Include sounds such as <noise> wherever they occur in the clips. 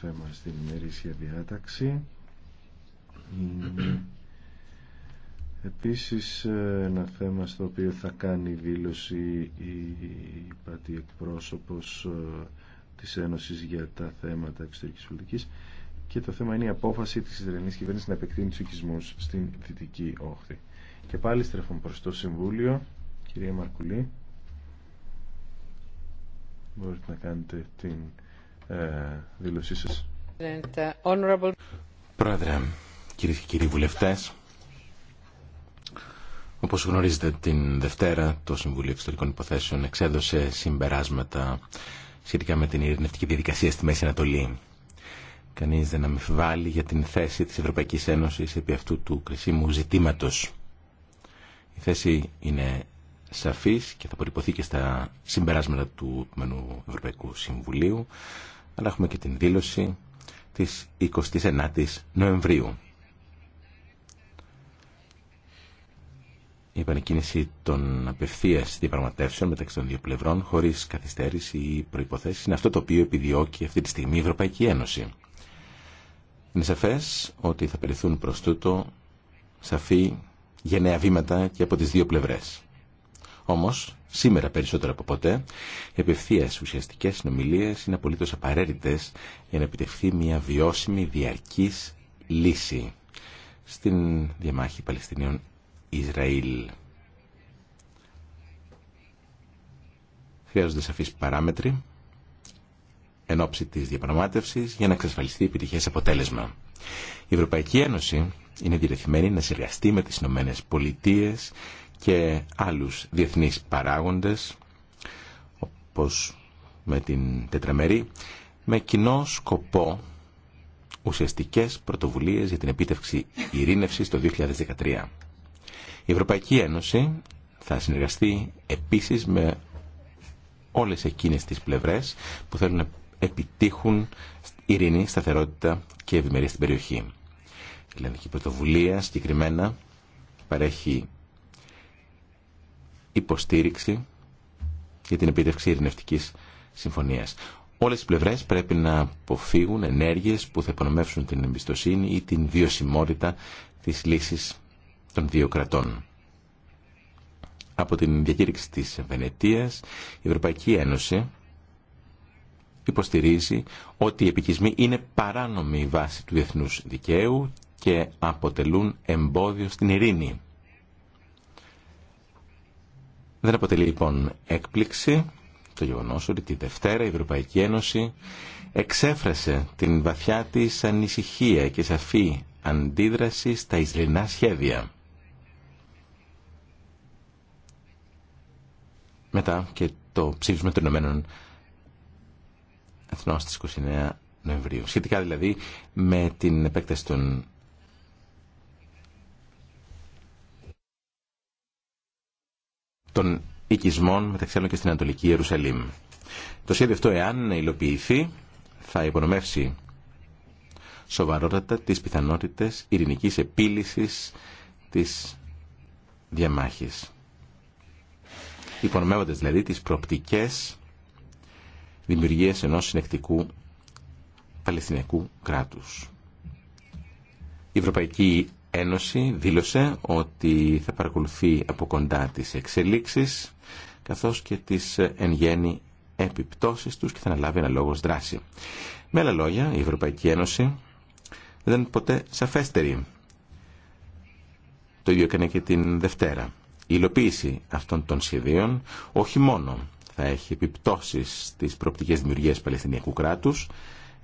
θέμα στην ημερήσια διάταξη επίσης ε, ένα θέμα στο οποίο θα κάνει δήλωση η πατή εκπρόσωπος ε, της Ένωσης για τα θέματα εξωτερικής πολιτικής και το θέμα είναι η απόφαση της Ισραηλινής κυβέρνησης να επεκτείνει τους οικισμούς στην Δυτική Όχθη. Και πάλι στρέφω προς το Συμβούλιο. Κυρία Μαρκουλή, μπορείτε να κάνετε την ε, δήλωσή σας. Πρόεδρε, κυρίε και κύριοι βουλευτές, όπως γνωρίζετε την Δευτέρα το Συμβούλιο Εξωτερικών Υποθέσεων εξέδωσε συμπεράσματα σχετικά με την ειρηνευτική διαδικασία στη Μέση Ανατολή. Κανείς δεν αμφιβάλλει για την θέση της Ευρωπαϊκής Ένωσης επί αυτού του κρισίμου ζητήματος. Η θέση είναι σαφής και θα προϋποθεί και στα συμπεράσματα του Ευρωπαϊκού Συμβουλίου αλλά έχουμε και την δήλωση της 29ης Νοεμβρίου. Η επανεκκίνηση των απευθεία διαπραγματεύσεων μεταξύ των δύο πλευρών χωρί καθυστέρηση ή προποθέσει είναι αυτό το οποίο επιδιώκει αυτή τη στιγμή η Ευρωπαϊκή Ένωση. Είναι σαφέ ότι θα περιθούν προ τούτο σαφή γενναία βήματα και από τι δύο πλευρέ. Όμως, σήμερα περισσότερο από ποτέ, οι απευθείας ουσιαστικές συνομιλίες είναι απολύτως απαραίτητες για να επιτευχθεί μια βιώσιμη διαρκής λύση στην διαμάχη Παλαιστινίων Ισραήλ. Χρειάζονται σαφείς παράμετροι εν ώψη της διαπραγμάτευσης για να εξασφαλιστεί επιτυχές αποτέλεσμα. Η Ευρωπαϊκή Ένωση είναι διερεθειμένη να συνεργαστεί με τις Ηνωμένε Πολιτείες και άλλους διεθνείς παράγοντες, όπως με την τετραμερή, με κοινό σκοπό ουσιαστικές πρωτοβουλίες για την επίτευξη ειρήνευσης το 2013. Η Ευρωπαϊκή Ένωση θα συνεργαστεί επίσης με όλες εκείνες τις πλευρές που θέλουν να επιτύχουν ειρήνη, σταθερότητα και ευημερία στην περιοχή. Η Ελληνική Πρωτοβουλία συγκεκριμένα παρέχει υποστήριξη για την επίτευξη ειρηνευτικής συμφωνίας. Όλες οι πλευρές πρέπει να αποφύγουν ενέργειες που θα υπονομεύσουν την εμπιστοσύνη ή την βιωσιμότητα της λύσης των δύο κρατών. Από την διακήρυξη της Βενετίας, η Ευρωπαϊκή Ένωση υποστηρίζει ότι οι επικισμοί είναι παράνομη βάση του διεθνούς δικαίου και αποτελούν εμπόδιο στην ειρήνη. Δεν αποτελεί λοιπόν έκπληξη το γεγονός ότι τη Δευτέρα η Ευρωπαϊκή Ένωση εξέφρασε την βαθιά της ανησυχία και σαφή αντίδραση στα Ισραηλινά σχέδια. Μετά και το ψήφισμα των Ηνωμένων Εθνών στις 29 Νοεμβρίου. Σχετικά δηλαδή με την επέκταση των των οικισμών μεταξύ άλλων και στην Ανατολική Ιερουσαλήμ. Το σχέδιο αυτό, εάν υλοποιηθεί, θα υπονομεύσει σοβαρότατα τις πιθανότητες ειρηνικής επίλυσης της διαμάχης. Υπονομεύοντας δηλαδή τις προπτικές δημιουργίας ενός συνεκτικού Παλαιστινιακού κράτους. Η Ευρωπαϊκή Ένωση δήλωσε ότι θα παρακολουθεί από κοντά τις εξελίξεις καθώς και τις εν γέννη επιπτώσεις τους και θα αναλάβει αναλόγως δράση. Με άλλα λόγια, η Ευρωπαϊκή Ένωση δεν ήταν ποτέ σαφέστερη. Το ίδιο έκανε και την Δευτέρα. Η υλοποίηση αυτών των σχεδίων όχι μόνο θα έχει επιπτώσεις στις προοπτικές δημιουργίες Παλαιστινιακού κράτους,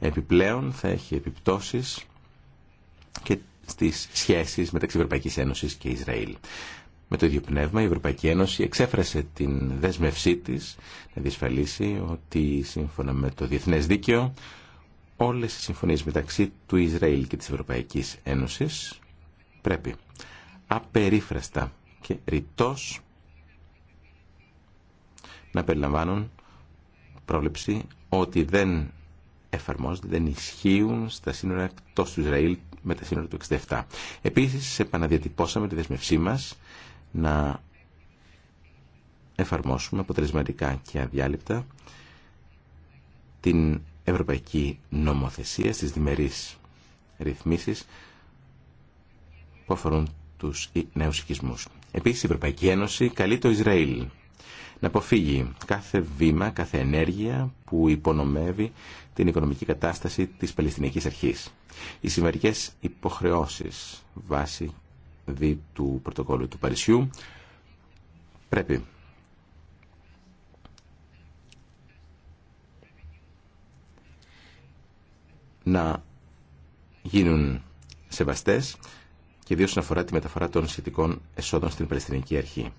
επιπλέον θα έχει επιπτώσεις Στι σχέσει μεταξύ Ευρωπαϊκής Ένωσης και Ισραήλ. Με το ίδιο πνεύμα η Ευρωπαϊκή Ένωση εξέφρασε την δέσμευσή της να διασφαλίσει ότι σύμφωνα με το διεθνές δίκαιο όλες οι συμφωνίες μεταξύ του Ισραήλ και της Ευρωπαϊκής Ένωσης πρέπει απερίφραστα και ρητό να περιλαμβάνουν πρόβλεψη ότι δεν εφαρμόζονται, δεν ισχύουν στα σύνορα εκτό του Ισραήλ με τα σύνορα του 67. Επίσης επαναδιατυπώσαμε τη δεσμευσή μας να εφαρμόσουμε αποτελεσματικά και αδιάλειπτα την ευρωπαϊκή νομοθεσία στις διμερείς ρυθμίσεις που αφορούν τους νέους οικισμούς. Επίσης η Ευρωπαϊκή Ένωση καλεί το Ισραήλ να αποφύγει κάθε βήμα, κάθε ενέργεια που υπονομεύει την οικονομική κατάσταση της Παλαιστινιακής Αρχής. Οι σημερινές υποχρεώσεις βάσει δι του πρωτοκόλλου του Παρισιού πρέπει να γίνουν σεβαστές και ιδίως αφορά τη μεταφορά των σχετικών εσόδων στην Παλαιστινική Αρχή.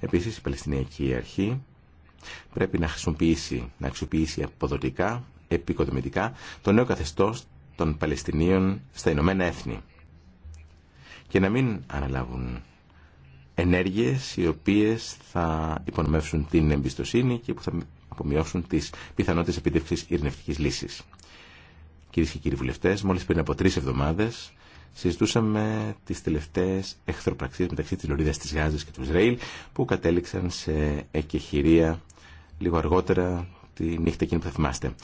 Επίσης η Παλαιστινιακή Αρχή πρέπει να χρησιμοποιήσει, να αξιοποιήσει αποδοτικά, επικοδομητικά το νέο καθεστώς των Παλαιστινίων στα Ηνωμένα Έθνη και να μην αναλάβουν ενέργειες οι οποίες θα υπονομεύσουν την εμπιστοσύνη και που θα απομειώσουν τις πιθανότητες επίτευξης ειρηνευτικής λύσης. Κυρίε και κύριοι βουλευτέ, μόλι πριν από τρει εβδομάδε συζητούσαμε τις τελευταίες εχθροπραξίε μεταξύ τη Λωρίδα της Γάζα και του Ισραήλ που κατέληξαν σε εκεχηρία λίγο αργότερα τη νύχτα εκείνη που θα θυμάστε.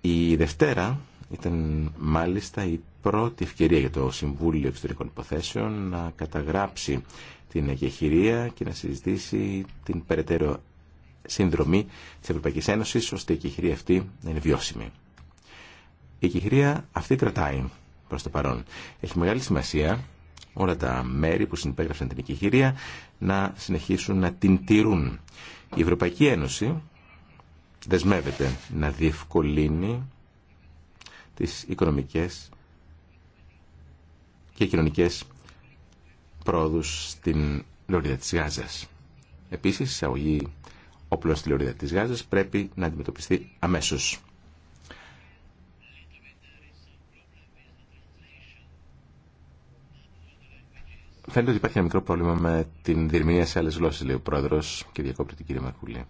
Η Δευτέρα ήταν μάλιστα η πρώτη ευκαιρία για το Συμβούλιο Εξωτερικών Υποθέσεων να καταγράψει την εκεχηρία και να συζητήσει την περαιτέρω συνδρομή τη Ευρωπαϊκή Ένωση ώστε η εκεχηρία αυτή να είναι βιώσιμη. Η εκεχηρία αυτή κρατάει προς το παρόν. Έχει μεγάλη σημασία όλα τα μέρη που συνυπέγραψαν την οικηγυρία να συνεχίσουν να την τηρούν. Η Ευρωπαϊκή Ένωση δεσμεύεται να διευκολύνει τις οικονομικές και κοινωνικές πρόοδους στην Λωρίδα της Γάζας. Επίσης, η εισαγωγή όπλων στη Λωρίδα της Γάζας πρέπει να αντιμετωπιστεί αμέσως. Φαίνεται ότι υπάρχει ένα μικρό πρόβλημα με την διερμηνία σε άλλε γλώσσε, λέει ο πρόεδρο και διακόπτει την κυρία Μαρκουλή.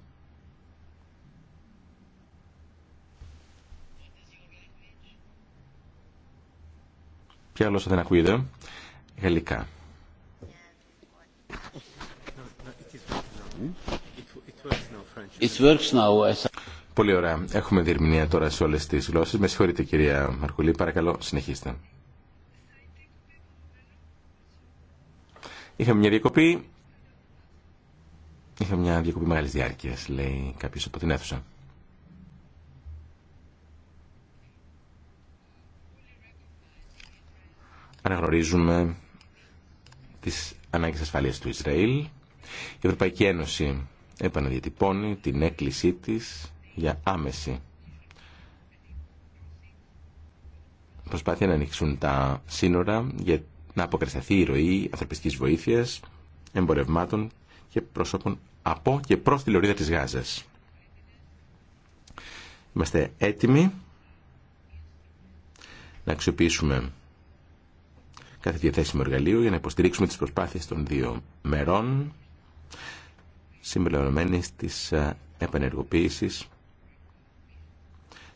Ποια γλώσσα δεν ακούγεται. Γαλλικά. Πολύ ωραία. Έχουμε διερμηνία τώρα σε όλε τι γλώσσε. Με συγχωρείτε κυρία Μαρκουλή. Παρακαλώ συνεχίστε. Είχαμε μια διακοπή. Είχαμε μια διακοπή μεγάλη διάρκεια, λέει κάποιο από την αίθουσα. Αναγνωρίζουμε τις ανάγκε ασφαλείας του Ισραήλ. Η Ευρωπαϊκή Ένωση επαναδιατυπώνει την έκκλησή της για άμεση προσπάθεια να ανοίξουν τα σύνορα για να αποκρισταθεί η ροή ανθρωπιστικής βοήθειας, εμπορευμάτων και προσώπων από και προς τη λωρίδα της Γάζας. Είμαστε έτοιμοι να αξιοποιήσουμε κάθε διαθέσιμο εργαλείο για να υποστηρίξουμε τις προσπάθειες των δύο μερών συμπεριλαμβανομένης της επανεργοποίησης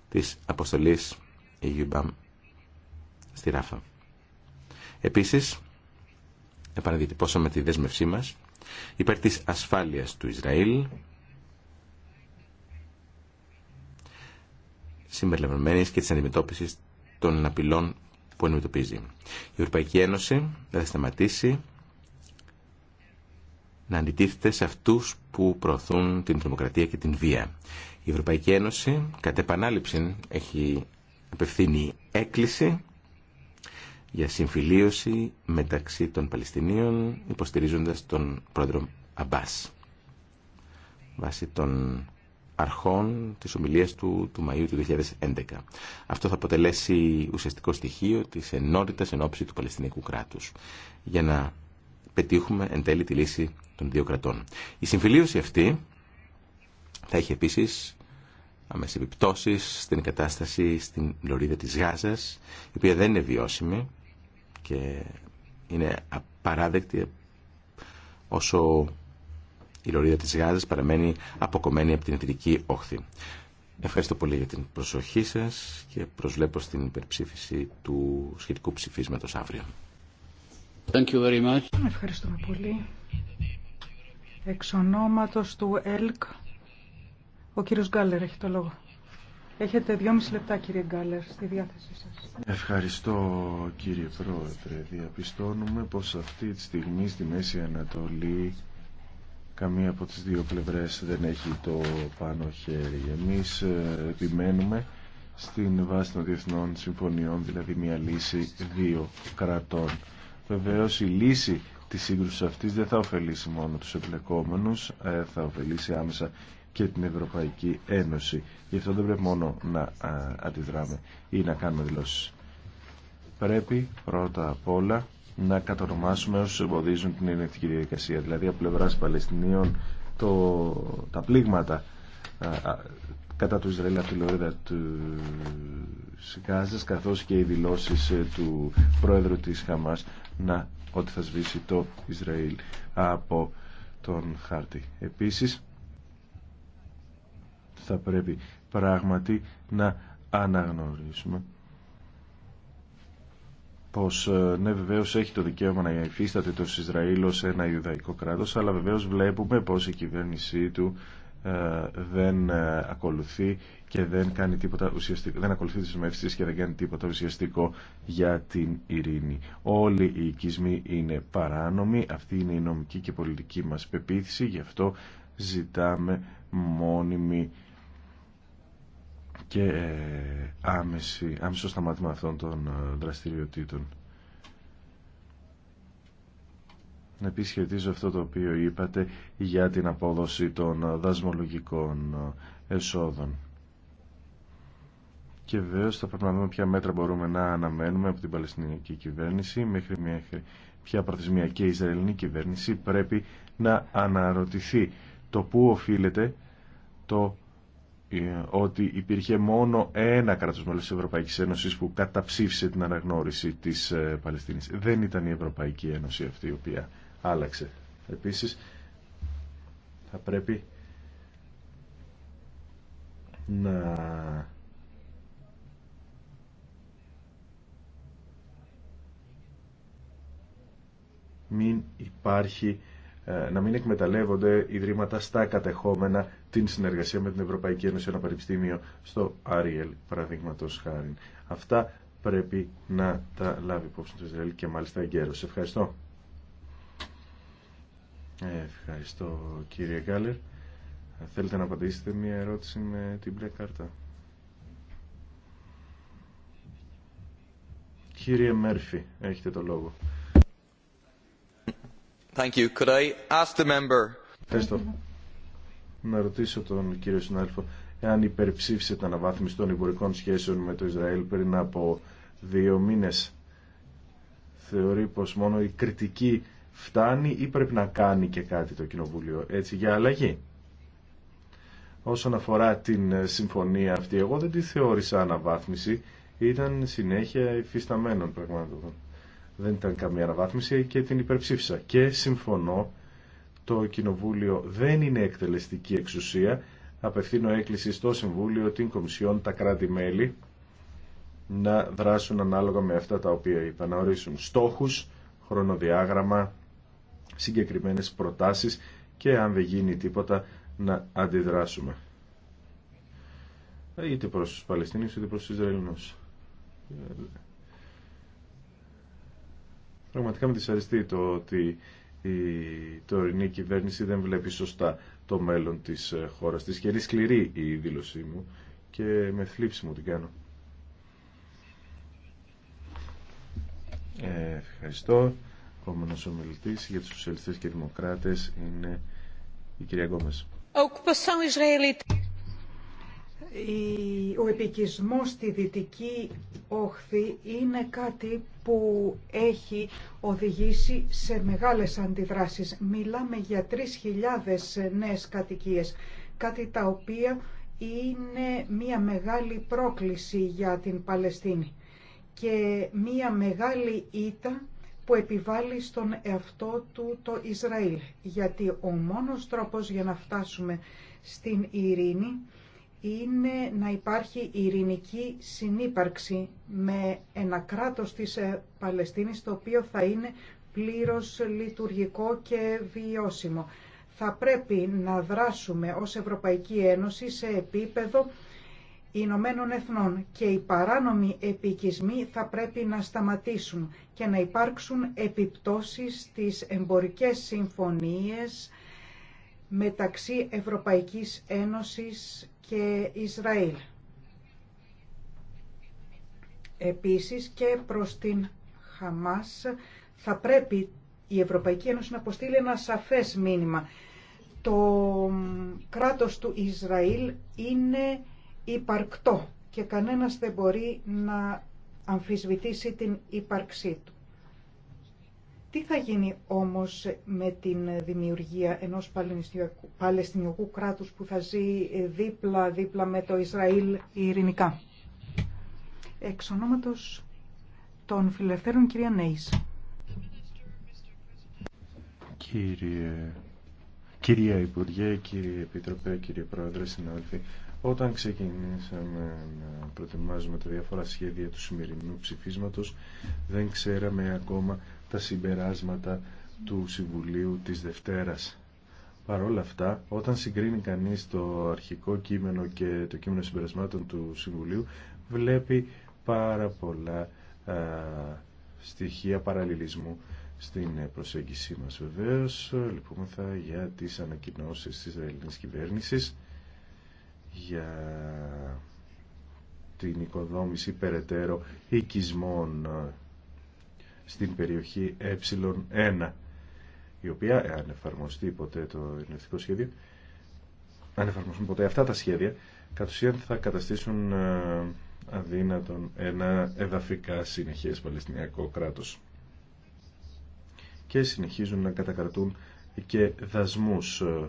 της αποστολής EUBAM στη Ράφα. Επίσης, επαναδιατυπώσαμε τη δέσμευσή μας υπέρ της ασφάλειας του Ισραήλ συμπεριλαμβανομένης και της αντιμετώπισης των απειλών που αντιμετωπίζει. Η Ευρωπαϊκή Ένωση δεν θα σταματήσει να αντιτίθεται σε αυτούς που προωθούν την δημοκρατία και την βία. Η Ευρωπαϊκή Ένωση κατ' επανάληψη έχει απευθύνει έκκληση για συμφιλίωση μεταξύ των Παλαιστινίων υποστηρίζοντας τον πρόεδρο Αμπάς βάσει των αρχών της ομιλίας του, του Μαΐου του 2011. Αυτό θα αποτελέσει ουσιαστικό στοιχείο της ενότητας εν του Παλαιστινικού κράτους για να πετύχουμε εν τέλει τη λύση των δύο κρατών. Η συμφιλίωση αυτή θα έχει επίσης αμέσως επιπτώσεις στην κατάσταση στην λωρίδα της Γάζας, η οποία δεν είναι βιώσιμη και είναι απαράδεκτη όσο η λωρίδα της Γάζας παραμένει αποκομμένη από την εθνική Όχθη. Ευχαριστώ πολύ για την προσοχή σας και προσβλέπω στην υπερψήφιση του σχετικού ψηφίσματος αύριο. Thank Ευχαριστούμε πολύ. Εξ του ΕΛΚ, ο κύριος Γκάλερ έχει το λόγο. Έχετε δυόμιση λεπτά κύριε Γκάλερ στη διάθεσή σας. Ευχαριστώ κύριε Πρόεδρε. Διαπιστώνουμε πως αυτή τη στιγμή στη Μέση Ανατολή καμία από τις δύο πλευρές δεν έχει το πάνω χέρι. Εμείς ε, επιμένουμε στην βάση των διεθνών συμφωνιών, δηλαδή μια λύση δύο κρατών. Βεβαίω η λύση της σύγκρουσης αυτής δεν θα ωφελήσει μόνο τους εμπλεκόμενους, ε, θα ωφελήσει άμεσα και την Ευρωπαϊκή Ένωση. Γι' αυτό δεν πρέπει μόνο να αντιδράμε ή να κάνουμε δηλώσει. Πρέπει πρώτα απ' όλα να κατονομάσουμε όσου εμποδίζουν την ενεργειακή διαδικασία. Δηλαδή από πλευρά Παλαιστινίων το, τα πλήγματα κατά του Ισραήλ από τη Λόριδα του Σικάζας καθώς και οι δηλώσει ε, του πρόεδρου τη Χαμάς να ότι θα σβήσει το Ισραήλ από τον χάρτη. Επίσης θα πρέπει πράγματι να αναγνωρίσουμε πως ε, ναι βεβαίως έχει το δικαίωμα να υφίσταται το Ισραήλ ως ένα Ιουδαϊκό κράτος αλλά βεβαίως βλέπουμε πως η κυβέρνησή του ε, δεν ε, ακολουθεί και δεν κάνει τίποτα ουσιαστικό, δεν ακολουθεί τις μεύσεις και δεν κάνει τίποτα ουσιαστικό για την ειρήνη. Όλοι οι οικισμοί είναι παράνομοι, αυτή είναι η νομική και πολιτική μας πεποίθηση, γι' αυτό ζητάμε μόνιμη και ε, άμεση, άμεσο σταμάτημα αυτών των ε, δραστηριοτήτων. Επίσης σχετίζω αυτό το οποίο είπατε για την απόδοση των ε, δασμολογικών εσόδων. Και βεβαίω θα πρέπει να δούμε ποια μέτρα μπορούμε να αναμένουμε από την Παλαιστινική κυβέρνηση μέχρι ποια προθεσμία και η Ισραηλινή κυβέρνηση πρέπει να αναρωτηθεί το πού οφείλεται το ε, ότι υπήρχε μόνο ένα κράτος μέλος της Ευρωπαϊκής Ένωσης που καταψήφισε την αναγνώριση της ε, Παλαιστίνης. Δεν ήταν η Ευρωπαϊκή Ένωση αυτή η οποία άλλαξε. Επίσης θα πρέπει να μην υπάρχει ε, να μην εκμεταλλεύονται ιδρύματα στα κατεχόμενα την συνεργασία με την Ευρωπαϊκή Ένωση, ένα πανεπιστήμιο στο Άριελ, παραδείγματο χάρη. Αυτά πρέπει να τα λάβει υπόψη του Ισραήλ και μάλιστα Σε Ευχαριστώ. Ευχαριστώ κύριε Γκάλερ. Θέλετε να απαντήσετε μια ερώτηση με την μπλε κάρτα. Κύριε Μέρφυ, έχετε το λόγο. Thank you. Could I ask the member... Ευχαριστώ να ρωτήσω τον κύριο συνάδελφο εάν υπερψήφισε την αναβάθμιση των υπουργικών σχέσεων με το Ισραήλ πριν από δύο μήνες. Θεωρεί πως μόνο η κριτική φτάνει ή πρέπει να κάνει και κάτι το Κοινοβούλιο έτσι για αλλαγή. Όσον αφορά την συμφωνία αυτή, εγώ δεν τη θεώρησα αναβάθμιση, ήταν συνέχεια υφισταμένων πραγμάτων. Δεν ήταν καμία αναβάθμιση και την υπερψήφισα. Και συμφωνώ το Κοινοβούλιο δεν είναι εκτελεστική εξουσία. Απευθύνω έκκληση στο Συμβούλιο, την Κομισιόν, τα κράτη-μέλη να δράσουν ανάλογα με αυτά τα οποία είπα, να ορίσουν στόχους, χρονοδιάγραμμα, συγκεκριμένες προτάσεις και αν δεν γίνει τίποτα να αντιδράσουμε. Είτε προς τους Παλαιστινίους είτε προς τους Ισραηλινούς. Ε, Πραγματικά με δυσαρεστεί το ότι η τωρινή κυβέρνηση δεν βλέπει σωστά το μέλλον της ε, χώρας της και είναι σκληρή η δήλωσή μου και με θλίψη μου την κάνω. Ε, ευχαριστώ. Επόμενος ομιλητής για τους σοσιαλιστές και δημοκράτες είναι η κυρία Γκόμες ο επικισμός στη Δυτική Όχθη είναι κάτι που έχει οδηγήσει σε μεγάλες αντιδράσεις. Μιλάμε για 3.000 νέες κατοικίες, κάτι τα οποία είναι μια μεγάλη πρόκληση για την Παλαιστίνη και μια μεγάλη ήττα που επιβάλλει στον εαυτό του το Ισραήλ. Γιατί ο μόνος τρόπος για να φτάσουμε στην ειρήνη είναι να υπάρχει ειρηνική συνύπαρξη με ένα κράτος της ε, Παλαιστίνης το οποίο θα είναι πλήρως λειτουργικό και βιώσιμο. Θα πρέπει να δράσουμε ως Ευρωπαϊκή Ένωση σε επίπεδο Ηνωμένων Εθνών και οι παράνομοι επικισμοί θα πρέπει να σταματήσουν και να υπάρξουν επιπτώσεις στις εμπορικές συμφωνίες μεταξύ Ευρωπαϊκής Ένωσης και Ισραήλ. Επίσης και προς την Χαμάς θα πρέπει η Ευρωπαϊκή Ένωση να αποστείλει ένα σαφές μήνυμα. Το κράτος του Ισραήλ είναι υπαρκτό και κανένας δεν μπορεί να αμφισβητήσει την ύπαρξή του. Τι θα γίνει όμως με την δημιουργία ενός παλαιστινιακού κράτους που θα ζει δίπλα-δίπλα με το Ισραήλ ειρηνικά. Εξ ονόματος των φιλελευθέρων κυρία Νέης. Κύριε... Κυρία Υπουργέ, κύριε Επίτροπε, κύριε Πρόεδρε, συνάδελφοι, όταν ξεκινήσαμε να προετοιμάζουμε τα διάφορα σχέδια του σημερινού ψηφίσματος, δεν ξέραμε ακόμα τα συμπεράσματα του Συμβουλίου της Δευτέρας. Παρ' όλα αυτά, όταν συγκρίνει κανείς το αρχικό κείμενο και το κείμενο συμπερασμάτων του Συμβουλίου, βλέπει πάρα πολλά α, στοιχεία παραλληλισμού στην προσέγγιση μας. Βεβαίως, λυπούμεθα για τις ανακοινώσεις της Ισραηλινής κυβέρνησης, για την οικοδόμηση περαιτέρω οικισμών στην περιοχή ε1 η οποία αν εφαρμοστεί ποτέ το ειρηνευτικό σχέδιο αν εφαρμοστούν ποτέ αυτά τα σχέδια κατ' ουσίαν θα καταστήσουν ε, αδύνατον ένα εδαφικά συνεχές Παλαιστινιακό κράτος και συνεχίζουν να κατακρατούν και δασμούς ε,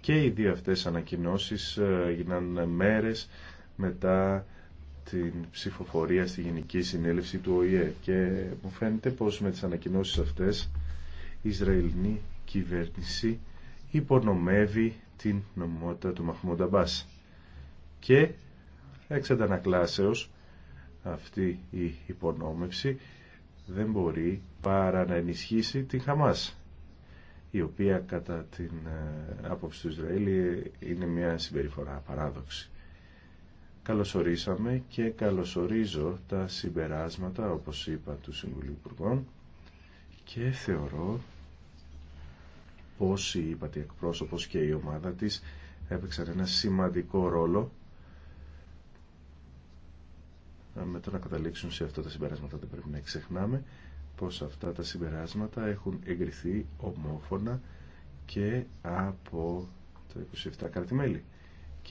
και οι δύο αυτές ανακοινώσεις ε, γίναν μέρες μετά την ψηφοφορία στη Γενική Συνέλευση του ΟΗΕ και μου φαίνεται πως με τις ανακοινώσεις αυτές η Ισραηλινή κυβέρνηση υπονομεύει την νομιμότητα του Μαχμούντα Μπάς και εξ αντανακλάσεως αυτή η υπονόμευση δεν μπορεί παρά να ενισχύσει την Χαμάς η οποία κατά την ε, άποψη του Ισραήλ ε, είναι μια συμπεριφορά παράδοξη καλωσορίσαμε και καλωσορίζω τα συμπεράσματα, όπως είπα, του Συμβουλίου Υπουργών και θεωρώ πως η ΥΠΑΤΗ εκπρόσωπος και η ομάδα της έπαιξαν ένα σημαντικό ρόλο με το να καταλήξουν σε αυτά τα συμπεράσματα δεν πρέπει να ξεχνάμε πως αυτά τα συμπεράσματα έχουν εγκριθεί ομόφωνα και από το 27 κράτη-μέλη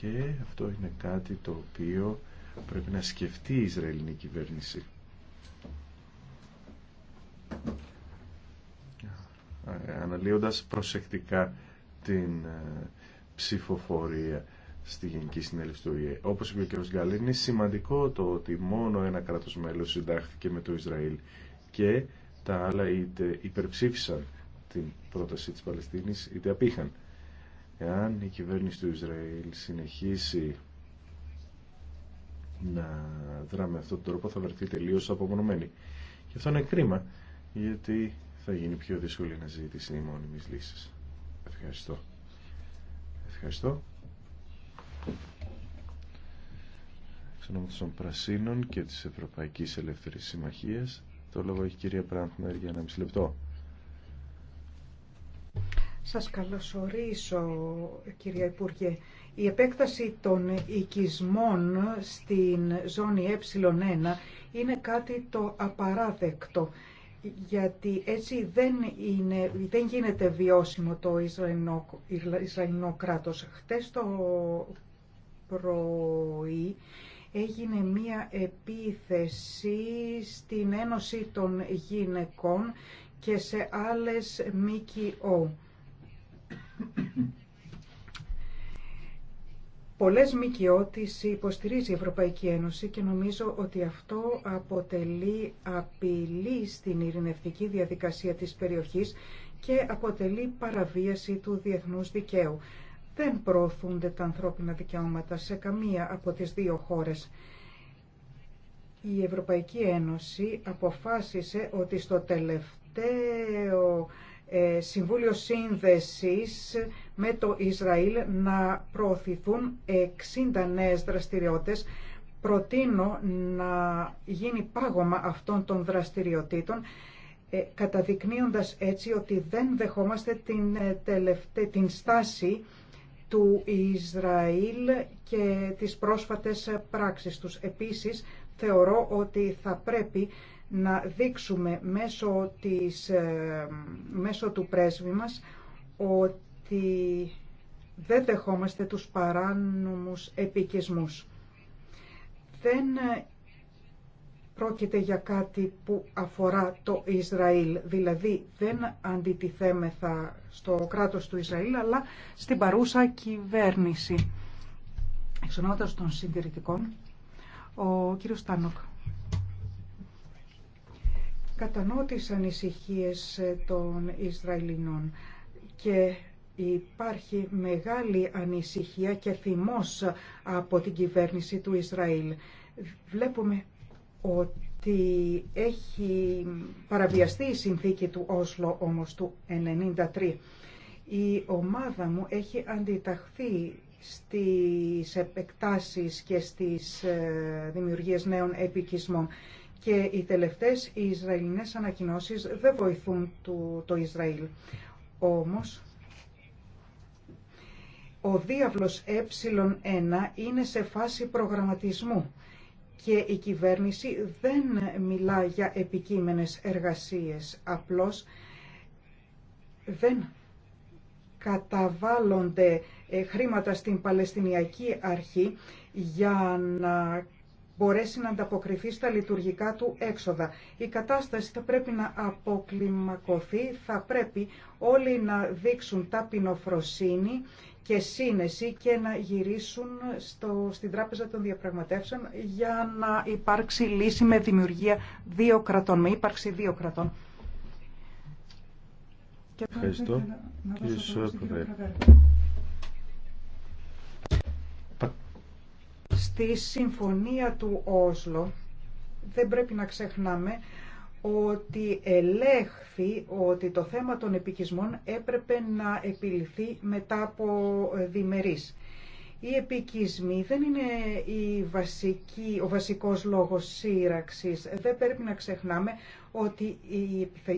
και αυτό είναι κάτι το οποίο πρέπει να σκεφτεί η Ισραηλινή κυβέρνηση. Αναλύοντας προσεκτικά την ε, ψηφοφορία στη Γενική Συνέλευση του ΙΕ. Όπως είπε ο κ. Γκάλέ. είναι σημαντικό το ότι μόνο ένα κράτος μέλος συντάχθηκε με το Ισραήλ και τα άλλα είτε υπερψήφισαν την πρόταση της Παλαιστίνης είτε απήχαν. Εάν η κυβέρνηση του Ισραήλ συνεχίσει να δρά με αυτόν τον τρόπο θα βρεθεί τελείως απομονωμένη. Και αυτό είναι κρίμα, γιατί θα γίνει πιο δύσκολη να ζητήσει η μόνιμης λύσης. Ευχαριστώ. Ευχαριστώ. Εξονόμου των Πρασίνων και της Ευρωπαϊκής Ελεύθερης Συμμαχίας. Το λόγο έχει η κυρία Πράντνερ για ένα μισή λεπτό. Σας καλωσορίσω κυρία Υπουργέ. Η επέκταση των οικισμών στην ζώνη ε1 είναι κάτι το απαράδεκτο, γιατί έτσι δεν, είναι, δεν γίνεται βιώσιμο το Ισραηλινό, κράτος. Χτες το πρωί έγινε μία επίθεση στην Ένωση των Γυναικών και σε άλλες ΜΚΟ Πολλές ΜΚΟ τις υποστηρίζει η Ευρωπαϊκή Ένωση και νομίζω ότι αυτό αποτελεί απειλή στην ειρηνευτική διαδικασία της περιοχής και αποτελεί παραβίαση του διεθνούς δικαίου. Δεν προωθούνται τα ανθρώπινα δικαιώματα σε καμία από τις δύο χώρες. Η Ευρωπαϊκή Ένωση αποφάσισε ότι στο τελευταίο ε, Συμβούλιο Σύνδεσης με το Ισραήλ να προωθηθούν 60 νέες δραστηριότητες. Προτείνω να γίνει πάγωμα αυτών των δραστηριοτήτων ε, καταδεικνύοντας έτσι ότι δεν δεχόμαστε την, ε, την στάση του Ισραήλ και τις πρόσφατες πράξεις τους. Επίσης, θεωρώ ότι θα πρέπει να δείξουμε μέσω, ε, μέσω του πρέσβη μας ότι ότι δεν δεχόμαστε τους παράνομους επικισμούς. Δεν πρόκειται για κάτι που αφορά το Ισραήλ, δηλαδή δεν αντιτιθέμεθα στο κράτος του Ισραήλ, αλλά στην παρούσα κυβέρνηση. Εξ των συντηρητικών, ο κύριος Τάνοκ. Κατανοώ ησυχίες των Ισραηλινών και Υπάρχει μεγάλη ανησυχία και θυμός από την κυβέρνηση του Ισραήλ. Βλέπουμε ότι έχει παραβιαστεί η συνθήκη του Όσλο όμως του 1993. Η ομάδα μου έχει αντιταχθεί στις επεκτάσεις και στις ε, δημιουργίες νέων επικισμών και οι τελευταίες Ισραηλινές ανακοινώσεις δεν βοηθούν το Ισραήλ. Όμως ο διάβλος ε1 είναι σε φάση προγραμματισμού και η κυβέρνηση δεν μιλά για επικείμενες εργασίες, απλώς δεν καταβάλλονται ε, χρήματα στην Παλαιστινιακή Αρχή για να μπορέσει να ανταποκριθεί στα λειτουργικά του έξοδα. Η κατάσταση θα πρέπει να αποκλιμακωθεί, θα πρέπει όλοι να δείξουν ταπεινοφροσύνη και σύνεση και να γυρίσουν στο, στην Τράπεζα των Διαπραγματεύσεων για να υπάρξει λύση με δημιουργία δύο κρατών, με ύπαρξη δύο κρατών. Στη συμφωνία του Όσλο δεν πρέπει να ξεχνάμε ότι ελέγχθη ότι το θέμα των επικισμών έπρεπε να επιληθεί μετά από ε, διμερείς. Οι επικισμοί δεν είναι η βασική, ο βασικός λόγος σύραξης. Δεν πρέπει να ξεχνάμε ότι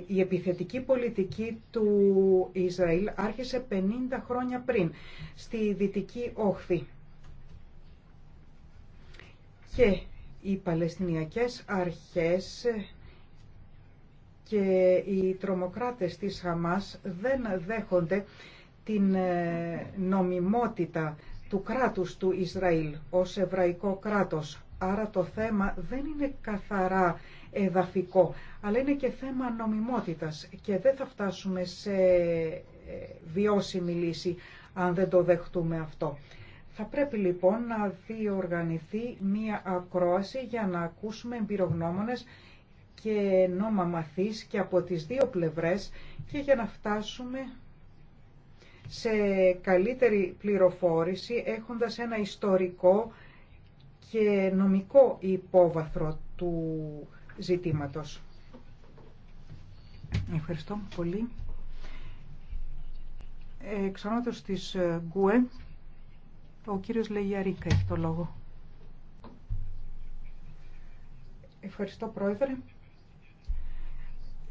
η επιθετική πολιτική του Ισραήλ άρχισε 50 χρόνια πριν στη Δυτική Όχθη. Και οι Παλαιστινιακές αρχές και οι τρομοκράτες της Χαμάς δεν δέχονται την ε, νομιμότητα του κράτους του Ισραήλ ως εβραϊκό κράτος. Άρα το θέμα δεν είναι καθαρά εδαφικό, αλλά είναι και θέμα νομιμότητας και δεν θα φτάσουμε σε ε, βιώσιμη λύση αν δεν το δεχτούμε αυτό. Θα πρέπει λοιπόν να διοργανηθεί μία ακρόαση για να ακούσουμε εμπειρογνώμονες και νόμα μαθής και από τις δύο πλευρές και για να φτάσουμε σε καλύτερη πληροφόρηση έχοντας ένα ιστορικό και νομικό υπόβαθρο του ζητήματος. Ευχαριστώ πολύ. Εξ της ε, ΓΚΟΕ, ο κύριος Λεγιαρίκα έχει το λόγο. Ευχαριστώ, Πρόεδρε.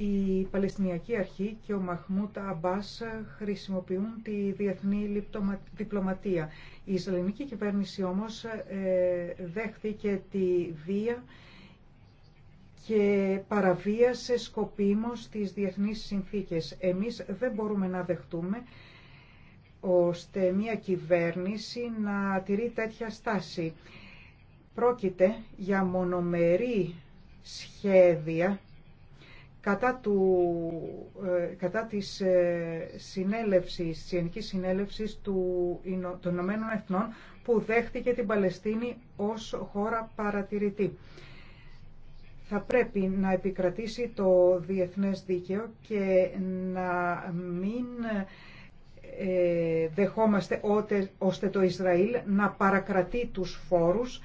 Η Παλαιστινιακή Αρχή και ο Μαχμούτ Αμπάς χρησιμοποιούν τη διεθνή διπλωματία. Η Ισραηλική κυβέρνηση όμως ε, δέχθηκε τη βία και παραβίασε σκοπίμως τις διεθνείς συνθήκες. Εμείς δεν μπορούμε να δεχτούμε ώστε μια κυβέρνηση να τηρεί τέτοια στάση. Πρόκειται για μονομερή σχέδια κατά, του, ε, κατά της ε, συνέλευσης, της Συνέλευσης του, των Ηνωμένων Εθνών που δέχτηκε την Παλαιστίνη ως χώρα παρατηρητή. Θα πρέπει να επικρατήσει το διεθνές δίκαιο και να μην ε, δεχόμαστε ώστε το Ισραήλ να παρακρατεί τους φόρους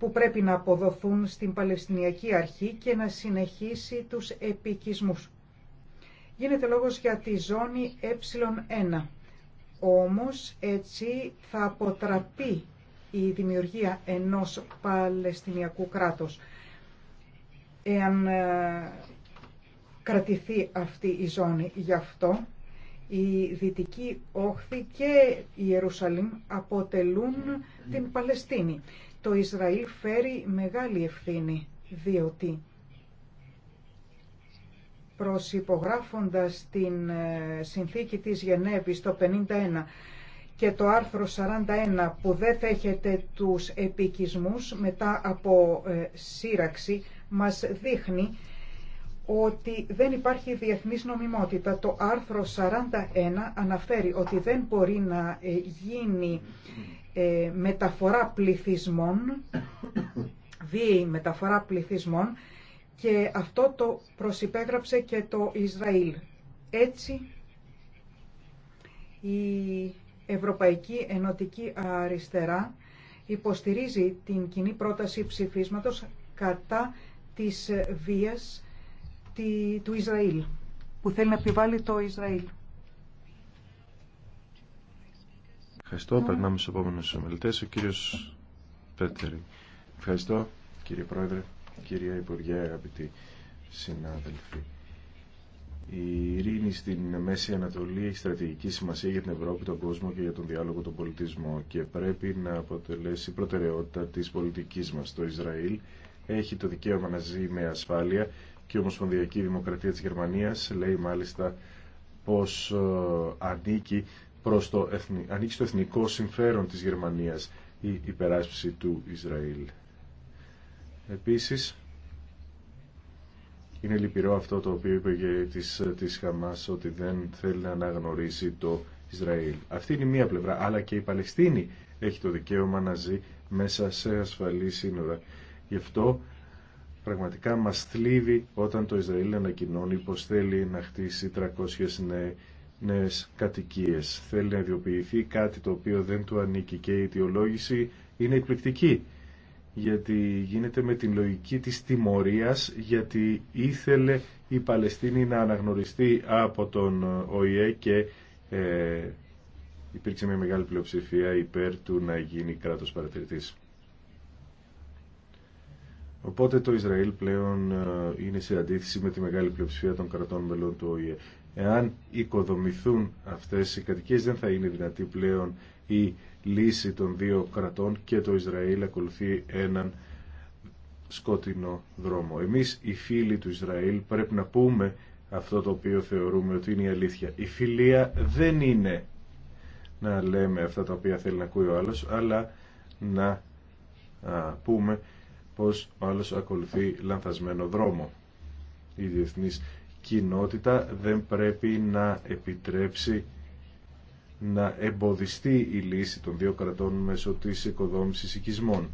που πρέπει να αποδοθούν στην Παλαιστινιακή Αρχή και να συνεχίσει τους επικισμούς. Γίνεται λόγος για τη ζώνη ε1. Όμως έτσι θα αποτραπεί η δημιουργία ενός Παλαιστινιακού κράτους Εάν ε, κρατηθεί αυτή η ζώνη γι' αυτό, η Δυτική Όχθη και η Ιερουσαλήμ αποτελούν την Παλαιστίνη. Το Ισραήλ φέρει μεγάλη ευθύνη, διότι προσυπογράφοντας την ε, συνθήκη της Γενέβης το 51 και το άρθρο 41 που δεν θέχεται τους επικισμούς μετά από ε, σύραξη μας δείχνει ότι δεν υπάρχει διεθνής νομιμότητα. Το άρθρο 41 αναφέρει ότι δεν μπορεί να ε, γίνει ε, μεταφορά πληθυσμών, βίαιη μεταφορά πληθυσμών και αυτό το προσυπέγραψε και το Ισραήλ. Έτσι, η Ευρωπαϊκή Ενωτική Αριστερά υποστηρίζει την κοινή πρόταση ψηφίσματος κατά της ε, βίας του Ισραήλ, που θέλει να επιβάλλει το Ισραήλ. Ευχαριστώ. Ναι. Περνάμε στους επόμενους ομιλητές. Ο κύριος Πέτερη. Ευχαριστώ κύριε Πρόεδρε, κυρία Υπουργέ, αγαπητοί συνάδελφοι. Η ειρήνη στην Μέση Ανατολή έχει στρατηγική σημασία για την Ευρώπη, τον κόσμο και για τον διάλογο, τον πολιτισμό και πρέπει να αποτελέσει προτεραιότητα της πολιτικής μας. Το Ισραήλ έχει το δικαίωμα να ζει με ασφάλεια και Ομοσπονδιακή Δημοκρατία της Γερμανίας λέει μάλιστα πως ε, ανήκει, προς το, στο εθνικό συμφέρον της Γερμανίας η υπεράσπιση του Ισραήλ. Επίσης, είναι λυπηρό αυτό το οποίο είπε και της, της Χαμάς ότι δεν θέλει να αναγνωρίσει το Ισραήλ. Αυτή είναι η μία πλευρά, αλλά και η Παλαιστίνη έχει το δικαίωμα να ζει μέσα σε ασφαλή σύνορα. Γι' αυτό πραγματικά μας θλίβει όταν το Ισραήλ ανακοινώνει πως θέλει να χτίσει 300 νέες κατοικίες. Θέλει να ιδιοποιηθεί κάτι το οποίο δεν του ανήκει και η αιτιολόγηση είναι εκπληκτική γιατί γίνεται με την λογική της τιμωρίας γιατί ήθελε η Παλαιστίνη να αναγνωριστεί από τον ΟΗΕ και ε, υπήρξε μια μεγάλη πλειοψηφία υπέρ του να γίνει κράτος παρατηρητής. Οπότε το Ισραήλ πλέον ε, είναι σε αντίθεση με τη μεγάλη πλειοψηφία των κρατών μελών του ΟΗΕ. Εάν οικοδομηθούν αυτές οι κατοικίες δεν θα είναι δυνατή πλέον η λύση των δύο κρατών και το Ισραήλ ακολουθεί έναν σκοτεινό δρόμο. Εμείς οι φίλοι του Ισραήλ πρέπει να πούμε αυτό το οποίο θεωρούμε ότι είναι η αλήθεια. Η φιλία δεν είναι να λέμε αυτά τα οποία θέλει να ακούει ο άλλος, αλλά να πούμε πως ο άλλος ακολουθεί λανθασμένο δρόμο. Η διεθνής κοινότητα δεν πρέπει να επιτρέψει να εμποδιστεί η λύση των δύο κρατών μέσω της οικοδόμησης οικισμών.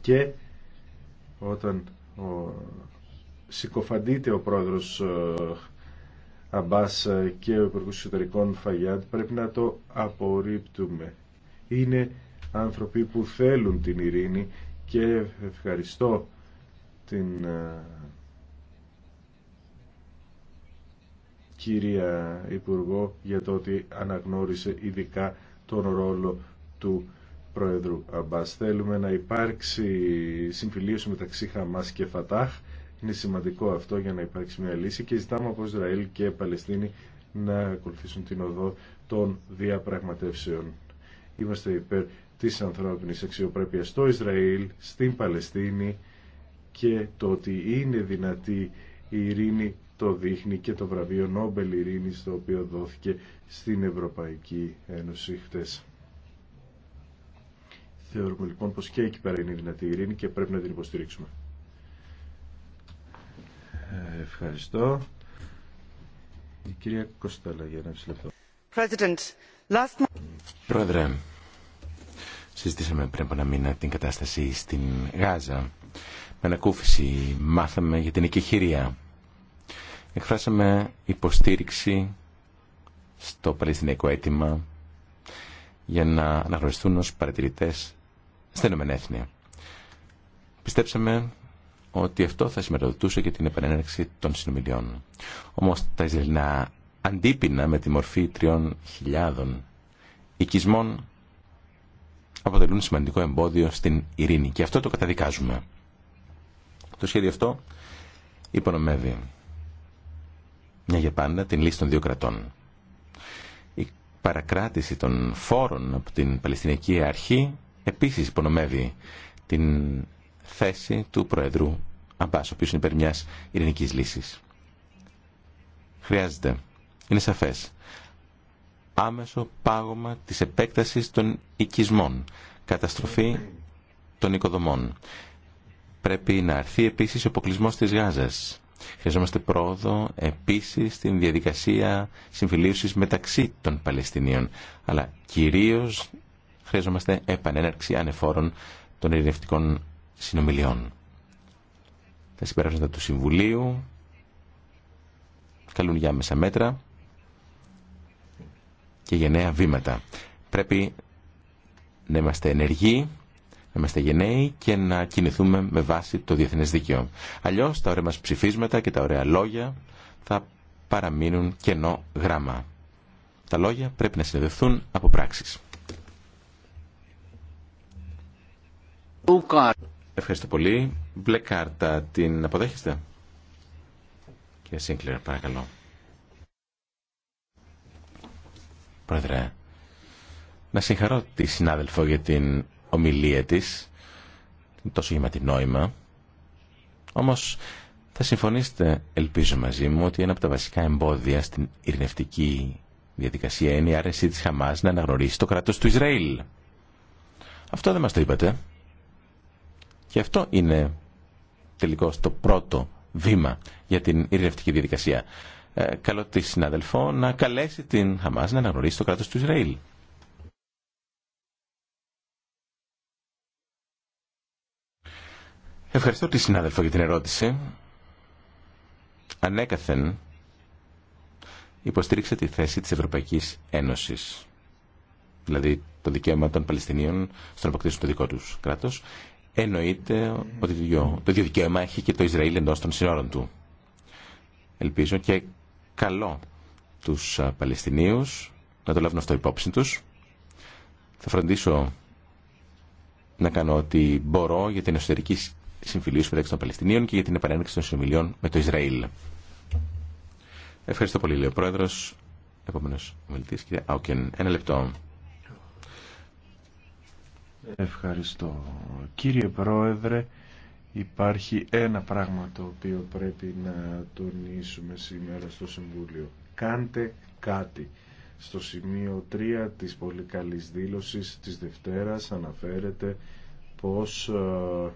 Και όταν ο... συκοφαντείται ο πρόεδρος ε, Αμπάς ε, και ο Υπουργός Εσωτερικών Φαγιάντ πρέπει να το απορρίπτουμε. Είναι άνθρωποι που θέλουν την ειρήνη και ευχαριστώ την ε, κυρία Υπουργό για το ότι αναγνώρισε ειδικά τον ρόλο του Πρόεδρου Αμπάς. Θέλουμε να υπάρξει συμφιλίωση μεταξύ Χαμάς και Φατάχ. Είναι σημαντικό αυτό για να υπάρξει μια λύση και ζητάμε από Ισραήλ και Παλαιστίνη να ακολουθήσουν την οδό των διαπραγματεύσεων. Είμαστε υπέρ της ανθρώπινης αξιοπρέπειας στο Ισραήλ, στην Παλαιστίνη και το ότι είναι δυνατή η ειρήνη το δείχνει και το βραβείο Νόμπελ Ειρήνης το οποίο δόθηκε στην Ευρωπαϊκή Ένωση χτες. Θεωρούμε λοιπόν πως και εκεί πέρα είναι η ειρήνη και πρέπει να την υποστηρίξουμε. Ε, ευχαριστώ. Η κυρία Κοστέλα για ένα λεπτό. Πρόεδρε, Συζητήσαμε πριν από ένα μήνα την κατάσταση στην Γάζα. Με ανακούφιση μάθαμε για την εκεχηρία. Εκφράσαμε υποστήριξη στο Παλαιστινιακό αίτημα για να αναγνωριστούν ως παρατηρητές στα έθνια. Έθνη. Πιστέψαμε ότι αυτό θα συμμετοδοτούσε και την επανέναρξη των συνομιλιών. Όμως τα Ισραηλινά αντίπεινα με τη μορφή τριών χιλιάδων οικισμών αποτελούν σημαντικό εμπόδιο στην ειρήνη. Και αυτό το καταδικάζουμε. Το σχέδιο αυτό υπονομεύει μια για πάντα την λύση των δύο κρατών. Η παρακράτηση των φόρων από την Παλαιστινιακή Αρχή επίσης υπονομεύει την θέση του Προεδρού Αμπάς, ο οποίος είναι υπέρ μιας ειρηνικής λύσης. Χρειάζεται, είναι σαφές, άμεσο πάγωμα της επέκτασης των οικισμών, καταστροφή των οικοδομών. Πρέπει να αρθεί επίσης ο αποκλεισμό της Γάζας. Χρειαζόμαστε πρόοδο επίσης στην διαδικασία συμφιλίωσης μεταξύ των Παλαιστινίων, αλλά κυρίως χρειαζόμαστε επανέναρξη ανεφόρων των ειρηνευτικών συνομιλιών. Τα συμπεράσματα του Συμβουλίου καλούν για μέτρα και γενναία βήματα. Πρέπει να είμαστε ενεργοί, να είμαστε γενναίοι και να κινηθούμε με βάση το διεθνές δίκαιο. Αλλιώς τα ωραία μας ψηφίσματα και τα ωραία λόγια θα παραμείνουν κενό γράμμα. Τα λόγια πρέπει να συνεδευτούν από πράξεις. Ευχαριστώ πολύ. Μπλε κάρτα την αποδέχεστε. Κύριε Σίνκλερ, παρακαλώ. Πρόεδρε, να συγχαρώ τη συνάδελφο για την ομιλία της, τόσο γεμάτη νόημα. Όμως θα συμφωνήσετε, ελπίζω μαζί μου, ότι ένα από τα βασικά εμπόδια στην ειρηνευτική διαδικασία είναι η άρεση της Χαμάς να αναγνωρίσει το κράτος του Ισραήλ. Αυτό δεν μας το είπατε. Και αυτό είναι τελικώς το πρώτο βήμα για την ειρηνευτική διαδικασία. Ε, καλό τη συνάδελφο να καλέσει την Χαμάς να αναγνωρίσει το κράτος του Ισραήλ. Ευχαριστώ τη συνάδελφο για την ερώτηση. Ανέκαθεν υποστήριξε τη θέση της Ευρωπαϊκής Ένωσης, δηλαδή το δικαίωμα των Παλαιστινίων στο να αποκτήσουν το δικό τους κράτος, εννοείται ότι το ίδιο δικαίωμα έχει και το Ισραήλ εντός των συνόρων του. Ελπίζω και Καλό τους Παλαιστινίους να το λάβουν αυτό υπόψη τους. Θα φροντίσω να κάνω ό,τι μπορώ για την εσωτερική συμφιλίωση μεταξύ των Παλαιστινίων και για την επανένεξη των συνομιλιών με το Ισραήλ. Ευχαριστώ πολύ, λέει ο πρόεδρο. Επόμενο ομιλητή, κύριε Άουκεν. Ένα λεπτό. Ευχαριστώ. Κύριε Πρόεδρε, υπάρχει ένα πράγμα το οποίο πρέπει να τονίσουμε σήμερα στο Συμβούλιο. Κάντε κάτι. Στο σημείο 3 της πολύ καλής δήλωσης της Δευτέρας αναφέρεται πως ε,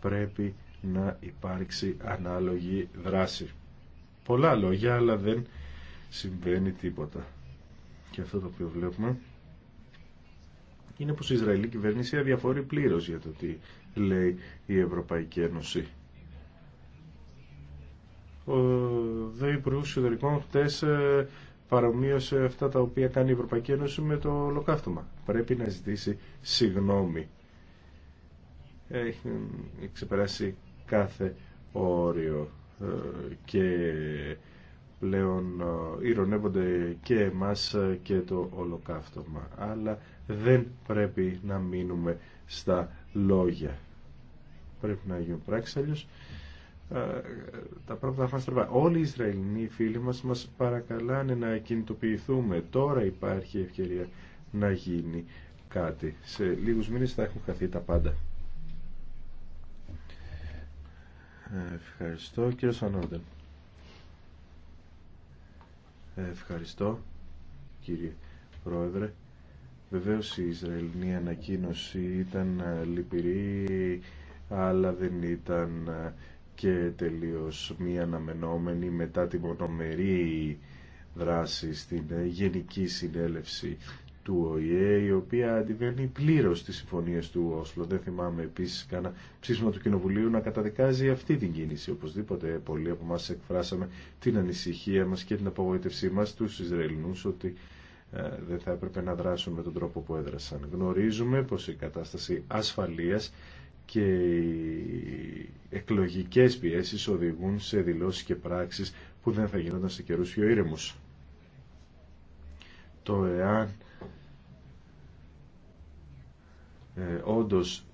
πρέπει να υπάρξει ανάλογη δράση. Πολλά λόγια, αλλά δεν συμβαίνει τίποτα. Και αυτό το οποίο βλέπουμε είναι πως η Ισραηλή κυβέρνηση αδιαφορεί πλήρω για το τι λέει η Ευρωπαϊκή Ένωση. Ο ΔΕ Υπουργός Συνδερικών χτες ε, παρομοίωσε αυτά τα οποία κάνει η Ευρωπαϊκή Ένωση με το ολοκαύτωμα. Πρέπει να ζητήσει συγνώμη. Έχει ξεπεράσει κάθε όριο ε, και πλέον ε, ηρωνεύονται και εμάς και το ολοκαύτωμα. Αλλά δεν πρέπει να μείνουμε στα λόγια. Πρέπει να γίνουν πράξεις, αλλιώς ε, τα πράγματα θα στραβά. Όλοι οι Ισραηλινοί φίλοι μας μας παρακαλάνε να κινητοποιηθούμε. Τώρα υπάρχει ευκαιρία να γίνει κάτι. Σε λίγους μήνες θα έχουν χαθεί τα πάντα. Ευχαριστώ. Κύριο Σανόντεν. Ευχαριστώ, κύριε Πρόεδρε. Βεβαίως η Ισραηλινή ανακοίνωση ήταν ε, λυπηρή, αλλά δεν ήταν ε, και τελείως μη αναμενόμενη μετά τη μονομερή δράση στην ε, Γενική Συνέλευση του ΟΗΕ, η οποία αντιβαίνει πλήρως τις συμφωνίες του Όσλο. Δεν θυμάμαι επίσης κανένα ψήφισμα του Κοινοβουλίου να καταδικάζει αυτή την κίνηση. Οπωσδήποτε πολλοί από εμάς εκφράσαμε την ανησυχία μας και την απογοήτευσή μας τους Ισραηλινούς ότι ε, δεν θα έπρεπε να δράσουν με τον τρόπο που έδρασαν. Γνωρίζουμε πως η κατάσταση ασφαλείας και οι εκλογικές πιέσεις οδηγούν σε δηλώσεις και πράξεις που δεν θα γίνονταν σε καιρούς πιο ήρεμους. Το εάν ε, όντως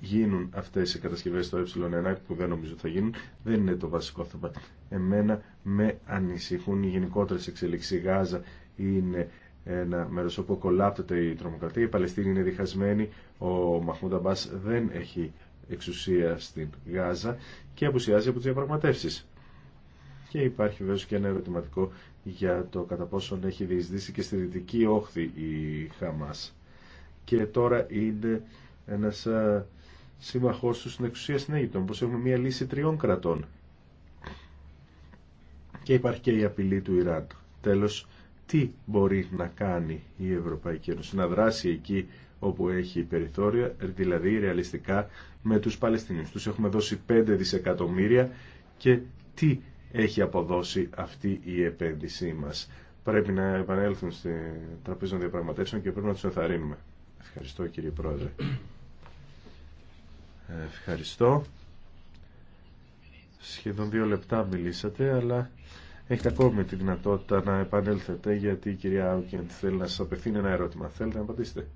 γίνουν αυτές οι κατασκευές στο ε1 που δεν νομίζω θα γίνουν, δεν είναι το βασικό θέμα. Εμένα με ανησυχούν οι γενικότερες εξελίξεις. Η Γάζα είναι ένα μέρο όπου κολλάπτεται η τρομοκρατία. Η Παλαιστίνη είναι διχασμένη, ο Μαχμούντα Μπάς δεν έχει εξουσία στην Γάζα και απουσιάζει από τι διαπραγματεύσει. Και υπάρχει βέβαια και ένα ερωτηματικό για το κατά πόσον έχει διεισδύσει και στη δυτική όχθη η Χαμάς. Και τώρα είναι ένα σύμμαχό του στην εξουσία στην Αίγυπτο, Όπω έχουμε μια λύση τριών κρατών. Και υπάρχει και η απειλή του Ιράν. Τέλος, τι μπορεί να κάνει η Ευρωπαϊκή Ένωση, να δράσει εκεί όπου έχει περιθώρια, δηλαδή ρεαλιστικά με τους Παλαιστινίους. Τους έχουμε δώσει 5 δισεκατομμύρια και τι έχει αποδώσει αυτή η επένδυσή μας. Πρέπει να επανέλθουν στην Τραπέζα των διαπραγματεύσεων και πρέπει να τους ενθαρρύνουμε. Ευχαριστώ κύριε Πρόεδρε. Ευχαριστώ. Σχεδόν δύο λεπτά μιλήσατε, αλλά Έχετε ακόμη τη δυνατότητα να επανέλθετε γιατί η κυρία Άουκεντ θέλει να σας απευθύνει ένα ερώτημα. Θέλετε να απαντήσετε.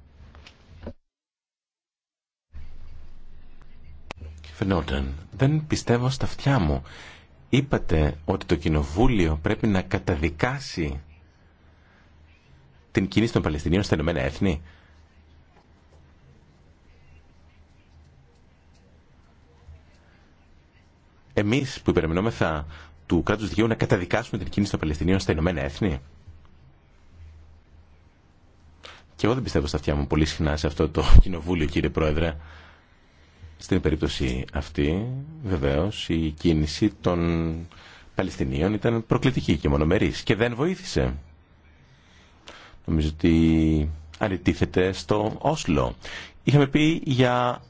Φαινόταν. Δεν πιστεύω στα αυτιά μου. Είπατε ότι το Κοινοβούλιο πρέπει να καταδικάσει την κίνηση των Παλαιστινίων στα Ηνωμένα Έθνη. Εμείς που υπερεμεινόμεθα του κράτου δικαίου να καταδικάσουμε την κίνηση των Παλαιστινίων στα Ηνωμένα Έθνη. Και εγώ δεν πιστεύω στα αυτιά μου πολύ συχνά σε αυτό το <laughs> κοινοβούλιο, κύριε Πρόεδρε. Στην περίπτωση αυτή, βεβαίω, η κίνηση των Παλαιστινίων ήταν προκλητική και μονομερής και δεν βοήθησε. Νομίζω ότι αντιτίθεται στο Όσλο. Είχαμε πει για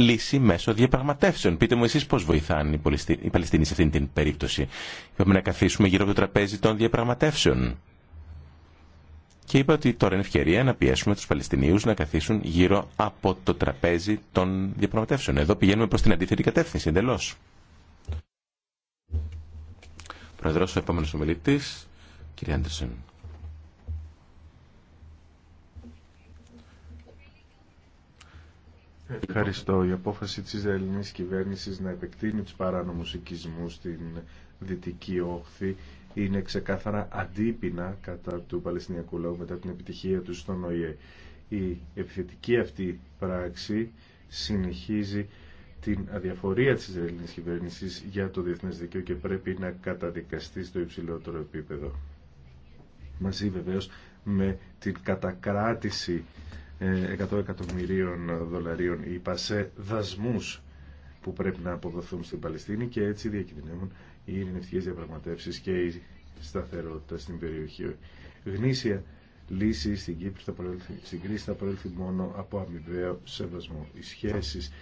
λύση μέσω διαπραγματεύσεων. Πείτε μου εσείς πώς βοηθάνε οι Παλαιστίνοι σε αυτήν την περίπτωση. Είπαμε να καθίσουμε γύρω από το τραπέζι των διαπραγματεύσεων. Και είπα ότι τώρα είναι ευκαιρία να πιέσουμε τους Παλαιστινίους να καθίσουν γύρω από το τραπέζι των διαπραγματεύσεων. Εδώ πηγαίνουμε προς την αντίθετη κατεύθυνση εντελώς. Πρόεδρος, ο επόμενος ομιλητής, κύριε Άντερσον. Ευχαριστώ. Η απόφαση της Ισραηλινής κυβέρνησης να επεκτείνει τους παράνομους οικισμούς στην Δυτική Όχθη είναι ξεκάθαρα αντίπεινα κατά του Παλαιστινιακού λαού μετά την επιτυχία του στον ΟΗΕ. Η επιθετική αυτή πράξη συνεχίζει την αδιαφορία της Ισραηλινής κυβέρνησης για το διεθνές δικαίο και πρέπει να καταδικαστεί στο υψηλότερο επίπεδο. Μαζί βεβαίως με την κατακράτηση 100 εκατομμυρίων δολαρίων είπα σε δασμούς που πρέπει να αποδοθούν στην Παλαιστίνη και έτσι διακινδυνεύουν οι ειρηνευτικές διαπραγματεύσεις και η σταθερότητα στην περιοχή. Γνήσια λύση στην, Κύπρο θα προέλθει, στην κρίση θα προέλθει μόνο από αμοιβαίο σεβασμό. Οι σχέσεις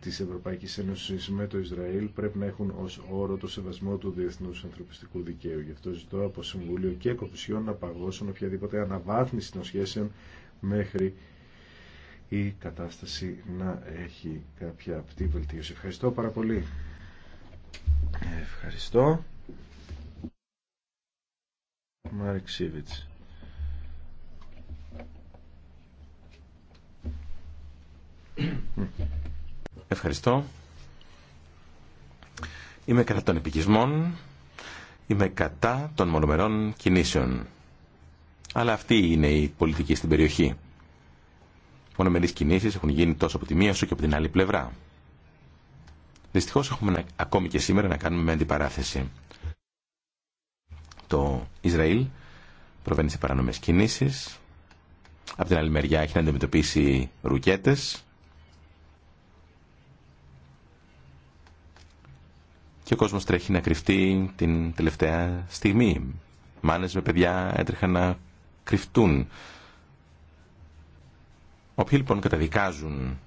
της Ευρωπαϊκής Ένωσης με το Ισραήλ πρέπει να έχουν ως όρο το σεβασμό του διεθνούς ανθρωπιστικού δικαίου. Γι' αυτό ζητώ από Συμβούλιο και Κομισιόν να παγώσουν οποιαδήποτε αναβάθμιση των σχέσεων μέχρι η κατάσταση να έχει κάποια απτή βελτίωση. Ευχαριστώ πάρα πολύ. Ευχαριστώ. Μάρικ Σίβιτς. Ευχαριστώ. Είμαι κατά των επικισμών, είμαι κατά των μονομερών κινήσεων. Αλλά αυτή είναι η πολιτική στην περιοχή μονομερείς κίνησει έχουν γίνει τόσο από τη μία όσο και από την άλλη πλευρά. Δυστυχώ έχουμε ακόμη και σήμερα να κάνουμε με αντιπαράθεση. Το Ισραήλ προβαίνει σε παρανομές κινήσει. Από την άλλη μεριά έχει να αντιμετωπίσει ρουκέτες. Και ο κόσμος τρέχει να κρυφτεί την τελευταία στιγμή. Μάνε με παιδιά έτρεχαν να κρυφτούν Όποιοι λοιπόν καταδικάζουν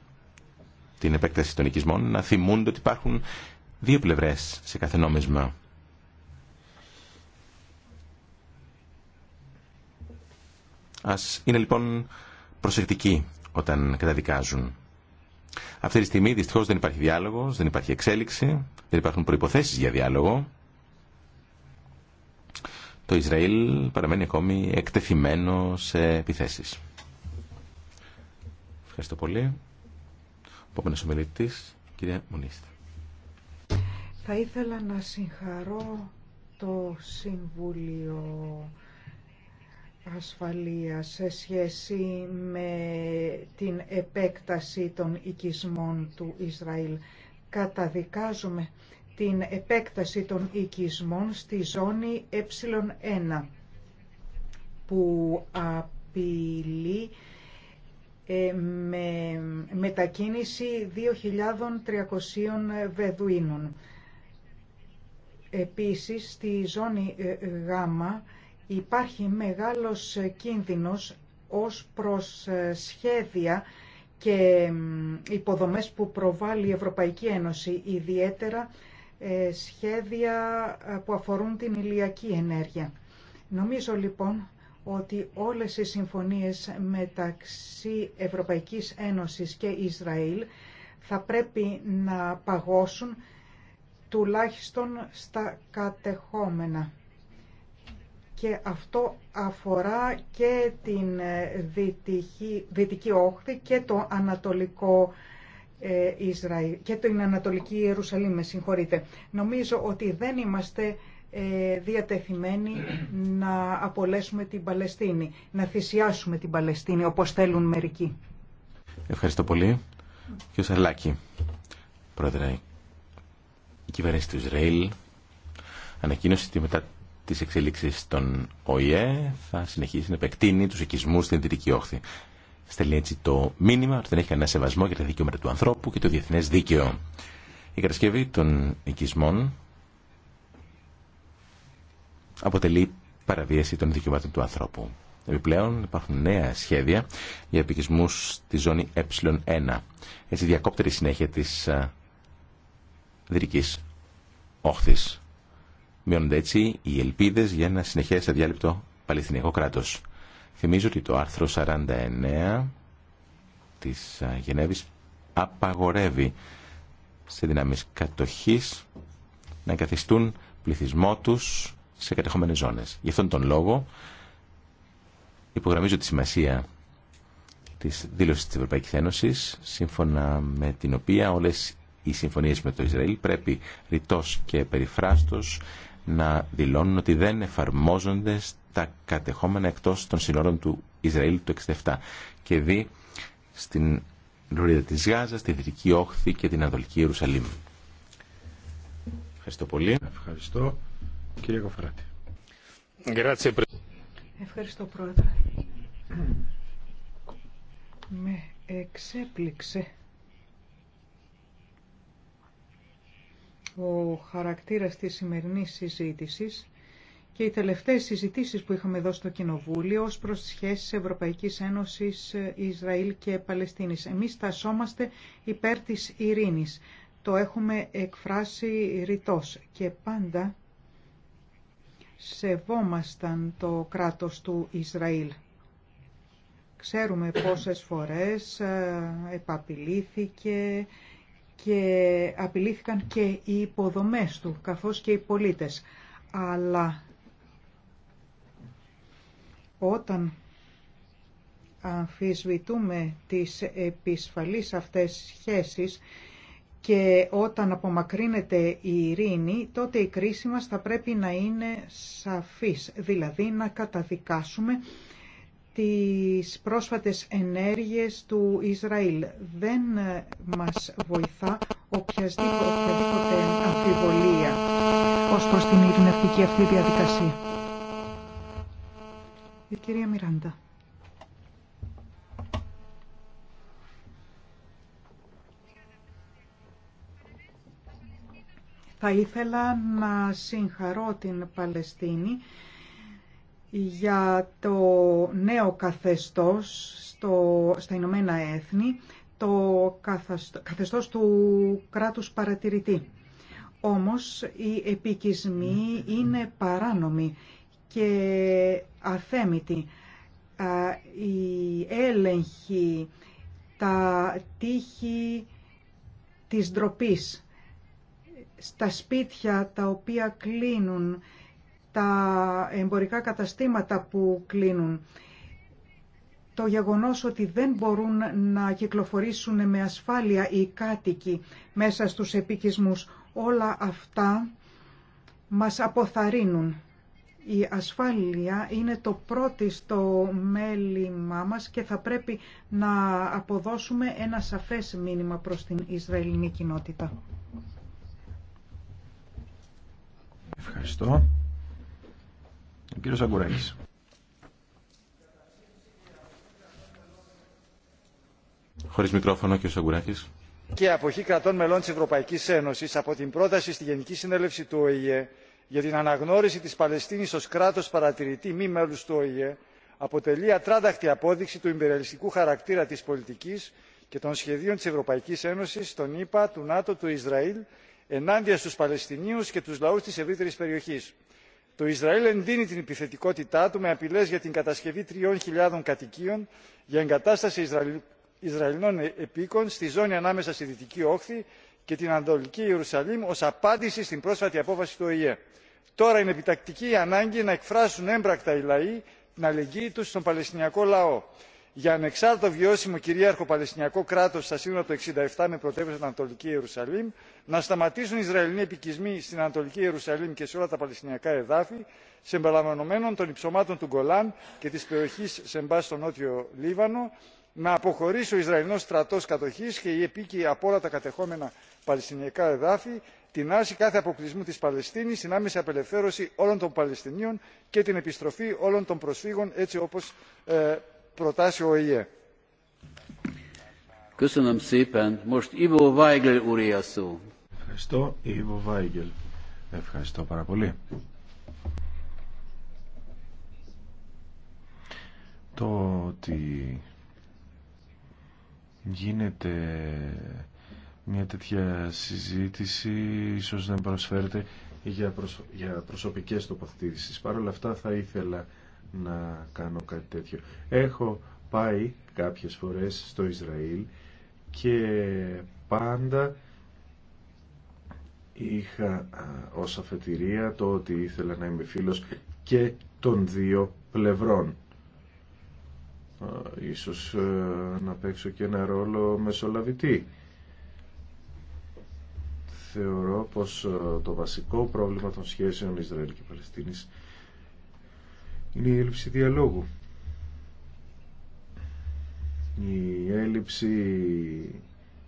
την επέκταση των οικισμών να θυμούνται ότι υπάρχουν δύο πλευρές σε κάθε νόμισμα. Ας είναι λοιπόν προσεκτικοί όταν καταδικάζουν. Αυτή τη στιγμή δυστυχώς δεν υπάρχει διάλογος, δεν υπάρχει εξέλιξη, δεν υπάρχουν προϋποθέσεις για διάλογο. Το Ισραήλ παραμένει ακόμη εκτεθειμένο σε επιθέσεις. Ευχαριστώ πολύ. Ο ομιλητής, κυρία Μονίστα. Θα ήθελα να συγχαρώ το Συμβούλιο Ασφαλείας σε σχέση με την επέκταση των οικισμών του Ισραήλ. Καταδικάζουμε την επέκταση των οικισμών στη ζώνη ε1 που απειλεί ε, με μετακίνηση 2.300 Βεδουίνων. Επίσης, στη ζώνη ε, Γ υπάρχει μεγάλος κίνδυνος ως προς ε, σχέδια και υποδομές που προβάλλει η Ευρωπαϊκή Ένωση, ιδιαίτερα σχέδια που αφορούν την ηλιακή ενέργεια. Νομίζω λοιπόν ότι όλες οι συμφωνίες μεταξύ Ευρωπαϊκής Ένωσης και Ισραήλ θα πρέπει να παγώσουν τουλάχιστον στα κατεχόμενα. Και αυτό αφορά και την ε, Δυτική, Δυτική Όχθη και το Ανατολικό ε, Ισραήλ και την Ανατολική Ιερουσαλήμ, με Νομίζω ότι δεν είμαστε ε, διατεθειμένοι να απολέσουμε την Παλαιστίνη, να θυσιάσουμε την Παλαιστίνη όπως θέλουν μερικοί. Ευχαριστώ πολύ. Κύριο Σαρλάκη, πρόεδρε, η κυβέρνηση του Ισραήλ ανακοίνωσε ότι μετά τις εξελίξεις των ΟΗΕ θα συνεχίσει να επεκτείνει τους οικισμούς στην Δυτική Όχθη. Στέλνει έτσι το μήνυμα ότι δεν έχει κανένα σεβασμό για τα δικαιώματα του ανθρώπου και το διεθνές δίκαιο. Η κατασκευή των οικισμών αποτελεί παραβίαση των δικαιωμάτων του ανθρώπου. Επιπλέον υπάρχουν νέα σχέδια για επικισμούς στη ζώνη ε1. Έτσι διακόπτεται η συνέχεια της δυτικής όχθης. Μειώνονται έτσι οι ελπίδες για ένα συνεχές αδιάλειπτο Παλαιστινιακό κράτος. Θυμίζω ότι το άρθρο 49 της Γενέβης απαγορεύει σε δυνάμεις κατοχής να καθιστούν πληθυσμό τους σε κατεχόμενες ζώνες. Γι' αυτόν τον λόγο υπογραμμίζω τη σημασία της δήλωσης της Ευρωπαϊκής Ένωσης, σύμφωνα με την οποία όλες οι συμφωνίες με το Ισραήλ πρέπει ρητός και περιφράστος να δηλώνουν ότι δεν εφαρμόζονται στα κατεχόμενα εκτός των συνόρων του Ισραήλ του 67 και δι στην Ρουρίδα της Γάζας, τη Δυτική Όχθη και την Ανατολική Ιερουσαλήμ. Ευχαριστώ πολύ. Ευχαριστώ. Ευχαριστώ πρόεδρε. Με εξέπληξε ο χαρακτήρας της σημερινής συζήτησης και οι τελευταίες συζητήσεις που είχαμε εδώ στο Κοινοβούλιο ως προς τις σχέσεις Ευρωπαϊκής Ένωσης Ισραήλ και Παλαιστίνης. Εμείς τασόμαστε υπέρ της ειρήνης. Το έχουμε εκφράσει ρητός και πάντα σεβόμασταν το κράτος του Ισραήλ. Ξέρουμε πόσες φορές ε, επαπειλήθηκε και απειλήθηκαν και οι υποδομές του, καθώς και οι πολίτες. Αλλά όταν αμφισβητούμε τις επισφαλείς αυτές σχέσεις και όταν απομακρύνεται η ειρήνη, τότε η κρίση μας θα πρέπει να είναι σαφής, δηλαδή να καταδικάσουμε τις πρόσφατες ενέργειες του Ισραήλ. Δεν μας βοηθά οποιασδήποτε αμφιβολία ως προς την ειρηνευτική αυτή διαδικασία. Η κυρία Μιράντα. Θα ήθελα να συγχαρώ την Παλαιστίνη για το νέο καθεστώς στο, στα Ηνωμένα Έθνη, το καθεστώς του κράτους παρατηρητή. Όμως οι επικισμοί είναι παράνομοι και αθέμητοι. Η έλεγχη, τα τείχη της ντροπή στα σπίτια τα οποία κλείνουν, τα εμπορικά καταστήματα που κλείνουν, το γεγονός ότι δεν μπορούν να κυκλοφορήσουν με ασφάλεια οι κάτοικοι μέσα στους επικισμούς, όλα αυτά μας αποθαρρύνουν. Η ασφάλεια είναι το πρώτο στο μέλημά μας και θα πρέπει να αποδώσουμε ένα σαφές μήνυμα προς την Ισραηλινή κοινότητα. Ευχαριστώ. Ο κύριος Αγκουράκης. Χωρίς μικρόφωνο, κύριος Αγκουράκης. Και αποχή κρατών μελών της Ευρωπαϊκής Ένωσης από την πρόταση στη Γενική Συνέλευση του ΟΗΕ για την αναγνώριση της Παλαιστίνης ως κράτος παρατηρητή μη μέλους του ΟΗΕ αποτελεί ατράνταχτη απόδειξη του υπεριαλιστικού χαρακτήρα της πολιτικής και των σχεδίων της Ευρωπαϊκής Ένωσης, των ΗΠΑ, του ΝΑΤΟ, του Ισραήλ ενάντια στους Παλαιστινίους και τους λαούς της ευρύτερης περιοχής. Το Ισραήλ εντείνει την επιθετικότητά του με απειλές για την κατασκευή τριών χιλιάδων κατοικίων για εγκατάσταση Ισραηλινών ε- επίκων στη ζώνη ανάμεσα στη Δυτική Όχθη και την Ανατολική Ιερουσαλήμ ως απάντηση στην πρόσφατη απόφαση του ΟΗΕ. Τώρα είναι επιτακτική η ανάγκη να εκφράσουν έμπρακτα οι λαοί την αλληλεγγύη τους στον Παλαιστινιακό λαό για ανεξάρτητο βιώσιμο κυρίαρχο Παλαιστινιακό κράτο στα σύνορα του 1967 με πρωτεύουσα την Ανατολική Ιερουσαλήμ, να σταματήσουν οι Ισραηλινοί επικισμοί στην Ανατολική Ιερουσαλήμ και σε όλα τα Παλαιστινιακά εδάφη, συμπεριλαμβανομένων των υψωμάτων του Γκολάν και τη περιοχή Σεμπά στο νότιο Λίβανο, να αποχωρήσει ο Ισραηλινός στρατός κατοχής και οι επίκη από όλα τα κατεχόμενα Παλαιστινιακά εδάφη, την άρση κάθε αποκλεισμού της Παλαιστίνης, την άμεση απελευθέρωση όλων των Παλαιστινίων και την επιστροφή όλων των προσφύγων έτσι όπως ε, προτάσει ο Ευχαριστώ, Ιβο Ευχαριστώ πάρα πολύ. Το ότι γίνεται μια τέτοια συζήτηση ίσως δεν προσφέρεται για, προσωπικές τοποθετήσεις. Παρ' όλα αυτά θα ήθελα να κάνω κάτι τέτοιο. Έχω πάει κάποιες φορές στο Ισραήλ και πάντα είχα ως αφετηρία το ότι ήθελα να είμαι φίλος και των δύο πλευρών. Ίσως ε, να παίξω και ένα ρόλο μεσολαβητή. Θεωρώ πως ε, το βασικό πρόβλημα των σχέσεων Ισραήλ και Παλαιστίνης είναι η έλλειψη διαλόγου. Η έλλειψη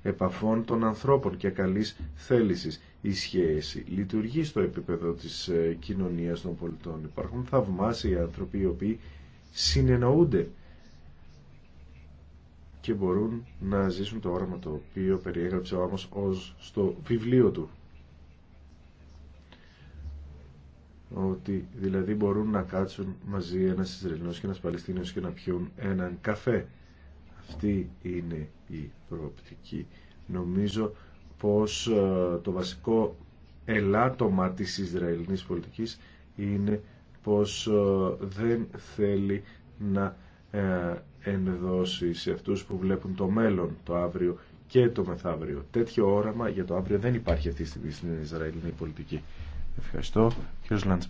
επαφών των ανθρώπων και καλής θέλησης. Η σχέση λειτουργεί στο επίπεδο της ε, κοινωνίας των πολιτών. Υπάρχουν θαυμάσιοι άνθρωποι οι οποίοι συνεννοούνται και μπορούν να ζήσουν το όραμα το οποίο περιέγραψε ο Άμος ως στο βιβλίο του ότι δηλαδή μπορούν να κάτσουν μαζί ένας Ισραηλινός και ένας Παλαιστίνιος και να πιούν έναν καφέ. Αυτή είναι η προοπτική. Νομίζω πως ε, το βασικό ελάττωμα της Ισραηλινής πολιτικής είναι πως ε, δεν θέλει να ε, ενδώσει σε αυτούς που βλέπουν το μέλλον, το αύριο και το μεθαύριο. Τέτοιο όραμα για το αύριο δεν υπάρχει αυτή τη στιγμή στην Ισραηλινή πολιτική. Ευχαριστώ. Κύριος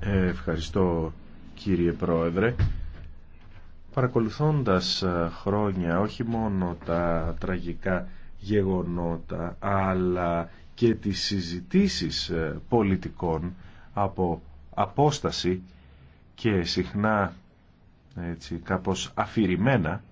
Ευχαριστώ κύριε Πρόεδρε. Παρακολουθώντας χρόνια όχι μόνο τα τραγικά γεγονότα αλλά και τις συζητήσεις πολιτικών από απόσταση και συχνά έτσι, κάπως αφηρημένα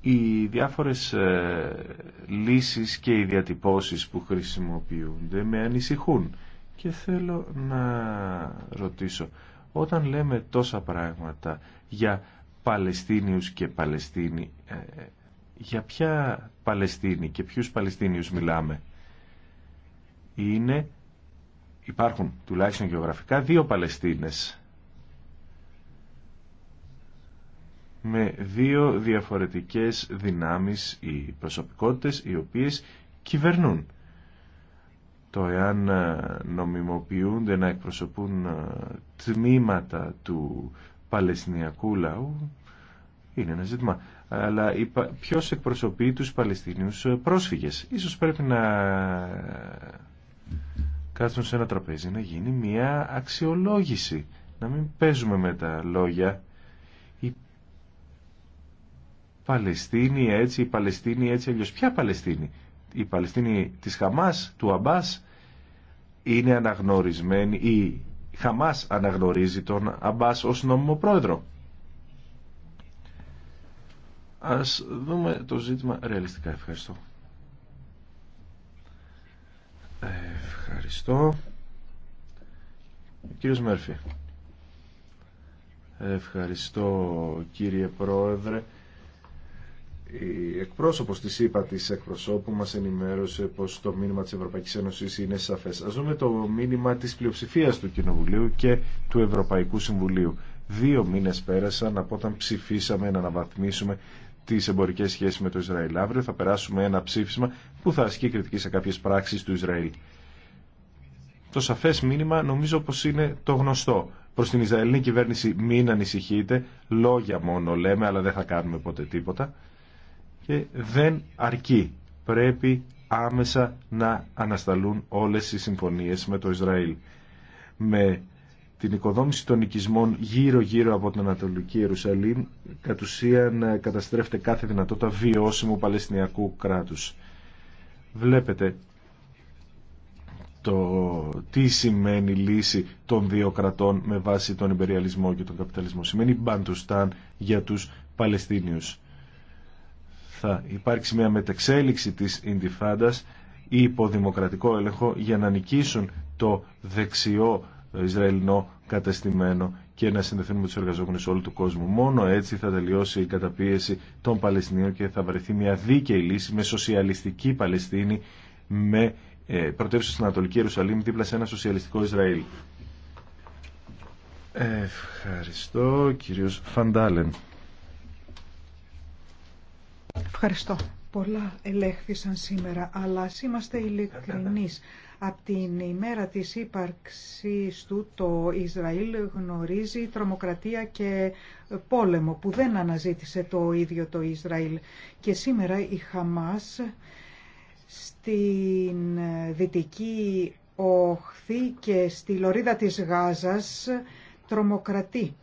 οι διάφορες ε, λύσεις και οι διατυπώσεις που χρησιμοποιούνται με ανησυχούν και θέλω να ρωτήσω όταν λέμε τόσα πράγματα για Παλαιστίνιους και Παλαιστίνοι ε, για ποια Παλαιστίνη και ποιους Παλαιστίνιους μιλάμε είναι υπάρχουν τουλάχιστον γεωγραφικά δύο Παλαιστίνες με δύο διαφορετικές δυνάμεις ή προσωπικότητες οι οποίες κυβερνούν. Το εάν ε, νομιμοποιούνται να εκπροσωπούν ε, τμήματα του Παλαιστινιακού λαού είναι ένα ζήτημα. Αλλά ποιος εκπροσωπεί τους Παλαιστινίους ε, πρόσφυγες. Ίσως πρέπει να κάτσουν σε ένα τραπέζι να γίνει μια αξιολόγηση. Να μην παίζουμε με τα λόγια Παλαιστίνη έτσι, η Παλαιστίνη έτσι, αλλιώ. Ποια Παλαιστίνη, η Παλαιστίνη της Χαμάς, του Αμπά είναι αναγνωρισμένη, η Χαμά αναγνωρίζει τον Αμπά ως νόμιμο πρόεδρο. Ας δούμε το ζήτημα ρεαλιστικά. Ευχαριστώ. Ευχαριστώ. Κύριος Μέρφυ Ευχαριστώ κύριε Πρόεδρε η εκπρόσωπος της ΕΠΑ της εκπροσώπου μας ενημέρωσε πως το μήνυμα της Ευρωπαϊκής Ένωσης είναι σαφές. Ας δούμε το μήνυμα της πλειοψηφίας του Κοινοβουλίου και του Ευρωπαϊκού Συμβουλίου. Δύο μήνες πέρασαν από όταν ψηφίσαμε να αναβαθμίσουμε τι εμπορικέ σχέσει με το Ισραήλ. Αύριο θα περάσουμε ένα ψήφισμα που θα ασκεί κριτική σε κάποιε πράξει του Ισραήλ. Το σαφέ μήνυμα νομίζω πω είναι το γνωστό. Προ την Ισραηλινή κυβέρνηση μην ανησυχείτε, λόγια μόνο λέμε, αλλά δεν θα κάνουμε ποτέ τίποτα και δεν αρκεί. Πρέπει άμεσα να ανασταλούν όλες οι συμφωνίες με το Ισραήλ. Με την οικοδόμηση των οικισμών γύρω-γύρω από την Ανατολική Ιερουσαλήμ κατ' ουσίαν ε, καταστρέφεται κάθε δυνατότητα βιώσιμου Παλαιστινιακού κράτους. Βλέπετε το τι σημαίνει λύση των δύο κρατών με βάση τον υπεριαλισμό και τον καπιταλισμό. Σημαίνει μπαντουστάν για τους Παλαιστίνιους θα υπάρξει μια μετεξέλιξη της Ιντιφάντας ή υποδημοκρατικό έλεγχο για να νικήσουν το δεξιό Ισραηλινό κατεστημένο και να συνδεθούν με τους εργαζόμενους όλου του κόσμου. Μόνο έτσι θα τελειώσει η καταπίεση των Παλαιστινίων και θα βρεθεί μια δίκαιη λύση με σοσιαλιστική Παλαιστίνη με ε, πρωτεύουσα στην Ανατολική Ιερουσαλήμ δίπλα σε ένα σοσιαλιστικό Ισραήλ. Ευχαριστώ κύριος Φαντάλεν. Ευχαριστώ. Πολλά ελέγχθησαν σήμερα, αλλά ας είμαστε ειλικρινείς. Από την ημέρα της ύπαρξής του το Ισραήλ γνωρίζει τρομοκρατία και πόλεμο που δεν αναζήτησε το ίδιο το Ισραήλ. Και σήμερα η Χαμάς στην Δυτική Οχθή και στη Λωρίδα της Γάζας τρομοκρατεί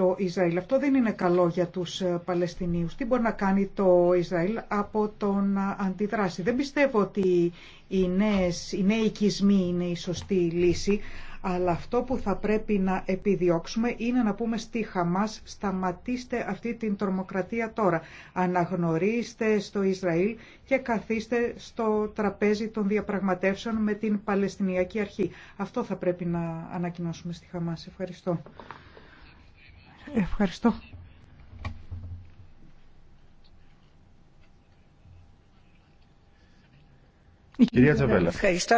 το Ισραήλ. Αυτό δεν είναι καλό για τους ε, Παλαιστινίους. Τι μπορεί να κάνει το Ισραήλ από τον αντιδράσει. Δεν πιστεύω ότι οι, νέες, οι νέοι οικισμοί είναι η σωστή λύση, αλλά αυτό που θα πρέπει να επιδιώξουμε είναι να πούμε στη Χαμάς σταματήστε αυτή την τρομοκρατία τώρα. Αναγνωρίστε στο Ισραήλ και καθίστε στο τραπέζι των διαπραγματεύσεων με την Παλαιστινιακή Αρχή. Αυτό θα πρέπει να ανακοινώσουμε στη Χαμάς. Ευχαριστώ. Ευχαριστώ. Κυρία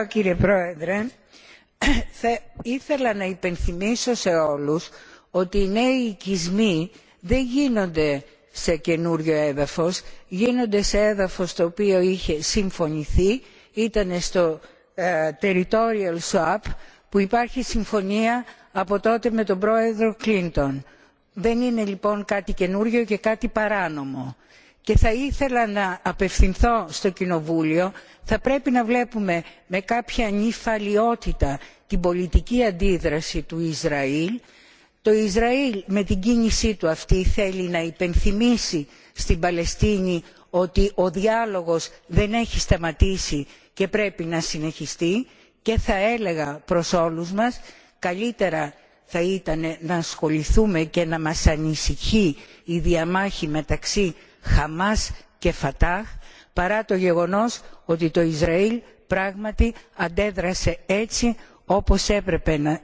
κύριε Πρόεδρε. Ήθελα να υπενθυμίσω σε όλους ότι οι νέοι οικισμοί δεν γίνονται σε καινούριο έδαφος, γίνονται σε έδαφος το οποίο είχε συμφωνηθεί, ήταν στο ε, territorial swap που υπάρχει συμφωνία από τότε με τον πρόεδρο Κλίντον δεν είναι λοιπόν κάτι καινούριο και κάτι παράνομο και θα ήθελα να απευθυνθώ στο κοινοβούλιο θα πρέπει να βλέπουμε με κάποια νυφαλιότητα την πολιτική αντίδραση του ισραήλ. το ισραήλ με την κίνησή του αυτή θέλει να υπενθυμίσει στην παλαιστίνη ότι ο διάλογος δεν έχει σταματήσει και πρέπει να συνεχιστεί και θα έλεγα προς όλους μας καλύτερα θα ήταν να ασχοληθούμε και να μας ανησυχεί η διαμάχη μεταξύ χαμάς και φατάχ παρά το γεγονός ότι το ισραήλ πράγματι αντέδρασε έτσι όπως έπρεπε να ε,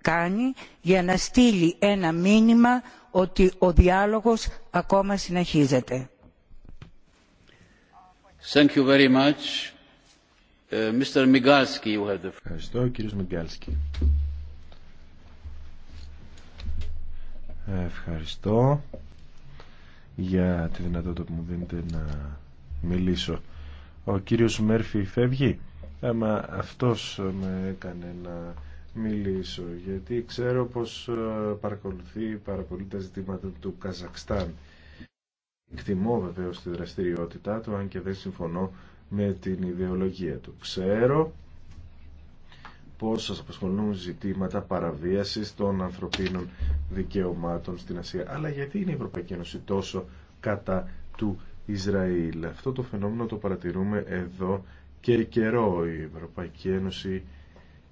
κάνει για να στείλει ένα μήνυμα ότι ο διάλογος ακόμα συνεχίζεται. Ευχαριστώ κύριος Ευχαριστώ για τη δυνατότητα που μου δίνετε να μιλήσω. Ο κύριος Μέρφυ φεύγει. Ε, Αλλά αυτός με έκανε να μιλήσω γιατί ξέρω πως ε, παρακολουθεί πάρα πολύ τα ζητήματα του Καζακστάν. Εκτιμώ βεβαίως τη δραστηριότητά του αν και δεν συμφωνώ με την ιδεολογία του. Ξέρω πώς σας απασχολούν ζητήματα παραβίασης των ανθρωπίνων δικαιωμάτων στην Ασία. Αλλά γιατί είναι η Ευρωπαϊκή Ένωση τόσο κατά του Ισραήλ. Αυτό το φαινόμενο το παρατηρούμε εδώ και καιρό. Η Ευρωπαϊκή Ένωση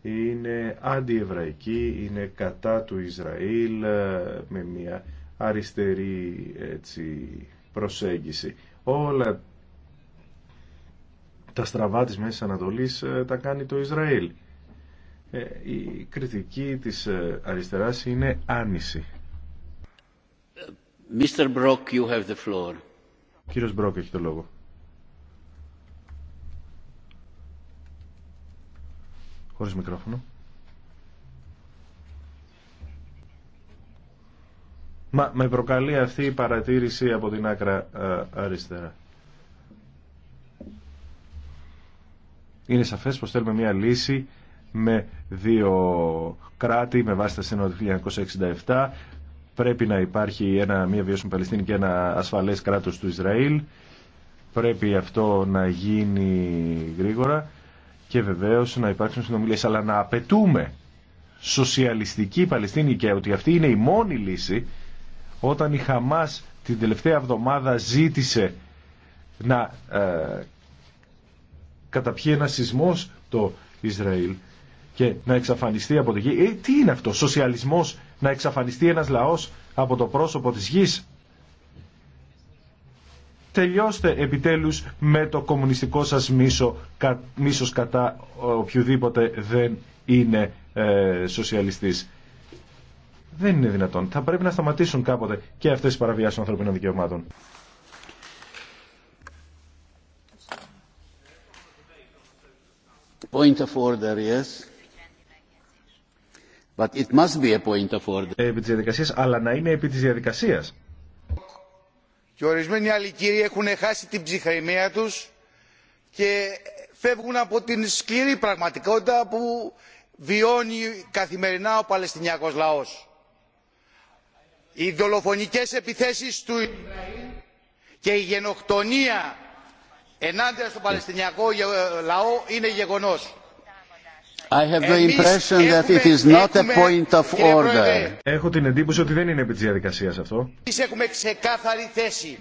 είναι αντιεβραϊκή, είναι κατά του Ισραήλ ε, με μια αριστερή έτσι, προσέγγιση. Όλα τα στραβά της Μέσης Ανατολής ε, τα κάνει το Ισραήλ. Ε, η κριτική της ε, αριστεράς είναι άνηση. Ε, Mr. Brock, you have the floor. Κύριος Μπρόκ έχει το λόγο. Χωρίς μικρόφωνο. Μα με προκαλεί αυτή η παρατήρηση από την άκρα αριστερά. Είναι σαφές πως θέλουμε μια λύση με δύο κράτη με βάση τα σύνορα του 1967. Πρέπει να υπάρχει ένα, μια βιώσιμη Παλαιστίνη και ένα ασφαλές κράτος του Ισραήλ. Πρέπει αυτό να γίνει γρήγορα και βεβαίως να υπάρξουν συνομιλίες. Αλλά να απαιτούμε σοσιαλιστική Παλαιστίνη και ότι αυτή είναι η μόνη λύση όταν η Χαμάς την τελευταία εβδομάδα ζήτησε να ε, καταπιεί ένα σεισμός το Ισραήλ και να εξαφανιστεί από τη γη. Ε, τι είναι αυτό, σοσιαλισμός, να εξαφανιστεί ένας λαός από το πρόσωπο της γης. Τελειώστε επιτέλους με το κομμουνιστικό σας μίσο, κα, μίσος κατά οποιοδήποτε δεν είναι ε, σοσιαλιστής. Δεν είναι δυνατόν. Θα πρέπει να σταματήσουν κάποτε και αυτές οι παραβιάσεις των ανθρωπίνων δικαιωμάτων. Point of order, yes. But Επί διαδικασίας, αλλά να είναι επί της διαδικασίας. Και ορισμένοι άλλοι κύριοι έχουν χάσει την ψυχραιμία τους και φεύγουν από την σκληρή πραγματικότητα που βιώνει καθημερινά ο Παλαιστινιακός λαός. Οι δολοφονικές επιθέσεις του Ισραήλ και η γενοκτονία ενάντια στον Παλαιστινιακό λαό είναι γεγονός I have the impression that it is not a point of order. Έχω την εντύπωση ότι δεν είναι επί της διαδικασίας αυτό. Εμείς έχουμε ξεκάθαρη θέση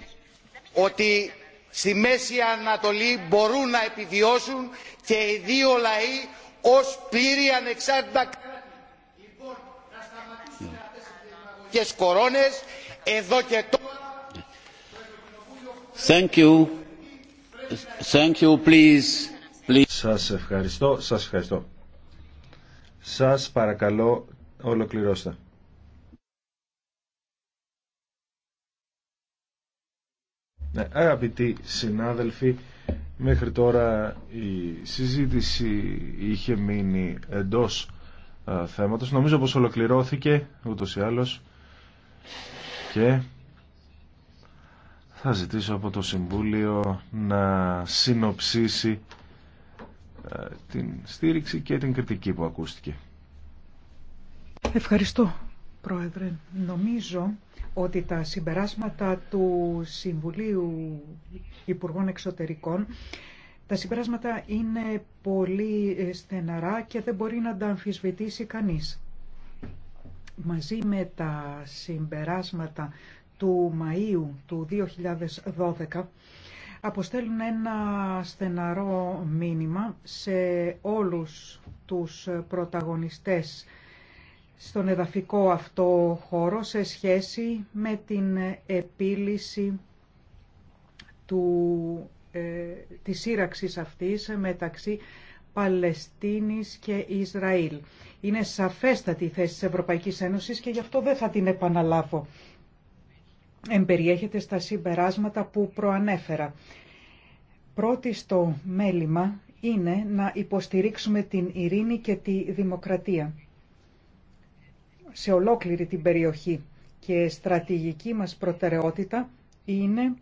ότι στη Μέση Ανατολή μπορούν να επιβιώσουν και οι δύο λαοί ως πλήρη ανεξάρτητα Λοιπόν, να σταματήσουν αυτές κορώνες εδώ και τώρα. Thank you. Thank you, please. Please. Σας ευχαριστώ, σας ευχαριστώ. Σας παρακαλώ ολοκληρώστε. Ναι, αγαπητοί συνάδελφοι, μέχρι τώρα η συζήτηση είχε μείνει εντός α, θέματος. Νομίζω πως ολοκληρώθηκε ούτως ή άλλως και θα ζητήσω από το Συμβούλιο να συνοψίσει ε, την στήριξη και την κριτική που ακούστηκε. Ευχαριστώ, Πρόεδρε. Νομίζω ότι τα συμπεράσματα του Συμβουλίου Υπουργών Εξωτερικών τα συμπεράσματα είναι πολύ ε, στεναρά και δεν μπορεί να τα αμφισβητήσει κανείς. Μαζί με τα συμπεράσματα του Μαΐου του 2012 αποστέλουν ένα στεναρό μήνυμα σε όλους τους πρωταγωνιστές στον εδαφικό αυτό χώρο σε σχέση με την επίλυση του, ε, της σύραξης αυτής μεταξύ Παλαιστίνης και Ισραήλ. Είναι σαφέστατη η θέση της Ευρωπαϊκής Ένωσης και γι' αυτό δεν θα την επαναλάβω εμπεριέχεται στα συμπεράσματα που προανέφερα. Πρώτη στο μέλημα είναι να υποστηρίξουμε την ειρήνη και τη δημοκρατία σε ολόκληρη την περιοχή και στρατηγική μας προτεραιότητα είναι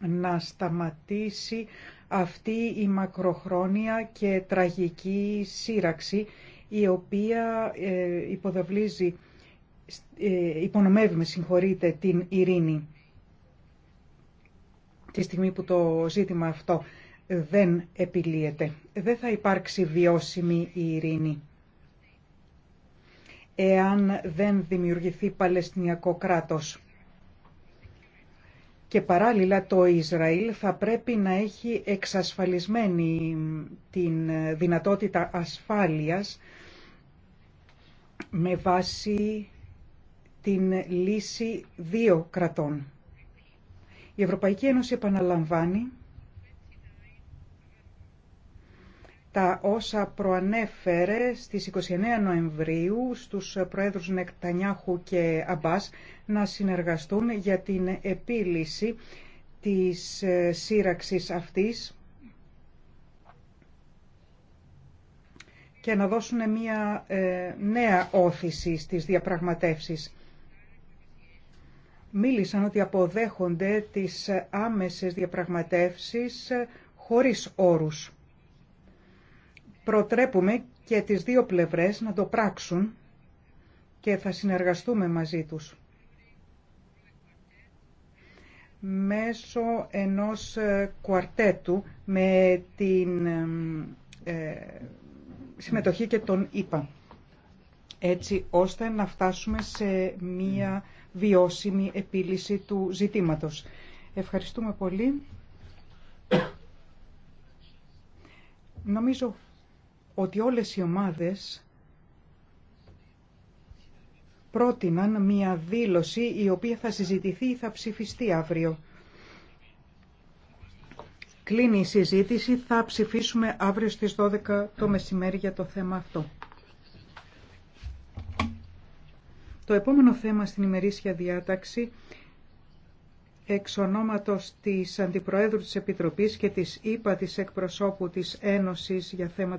να σταματήσει αυτή η μακροχρόνια και τραγική σύραξη η οποία ε, υποδαβλίζει ε, υπονομεύει, με συγχωρείτε, την ειρήνη τη στιγμή που το ζήτημα αυτό δεν επιλύεται. Δεν θα υπάρξει βιώσιμη η ειρήνη εάν δεν δημιουργηθεί Παλαιστινιακό κράτος. Και παράλληλα το Ισραήλ θα πρέπει να έχει εξασφαλισμένη την δυνατότητα ασφάλειας με βάση την λύση δύο κρατών. Η Ευρωπαϊκή Ένωση επαναλαμβάνει τα όσα προανέφερε στις 29 Νοεμβρίου στους Προέδρους Νεκτανιάχου και Αμπάς να συνεργαστούν για την επίλυση της ε, σύραξης αυτής και να δώσουν μια ε, νέα όθηση στις διαπραγματεύσεις μίλησαν ότι αποδέχονται τις άμεσες διαπραγματεύσεις χωρίς όρους. Προτρέπουμε και τις δύο πλευρές να το πράξουν και θα συνεργαστούμε μαζί τους. Μέσω ενός κουαρτέτου με την ε, συμμετοχή και τον ΙΠΑ, έτσι ώστε να φτάσουμε σε μία βιώσιμη επίλυση του ζητήματος. Ευχαριστούμε πολύ. Νομίζω ότι όλες οι ομάδες πρότειναν μία δήλωση η οποία θα συζητηθεί ή θα ψηφιστεί αύριο. Κλείνει η συζήτηση, θα ψηφίσουμε αύριο στις 12 το μεσημέρι για το θέμα αυτό. Το επόμενο θέμα στην ημερήσια διάταξη εξ ονόματος της Αντιπροέδρου της Επιτροπής και της ΥΠΑ της εκπροσώπου της Ένωσης για θέματα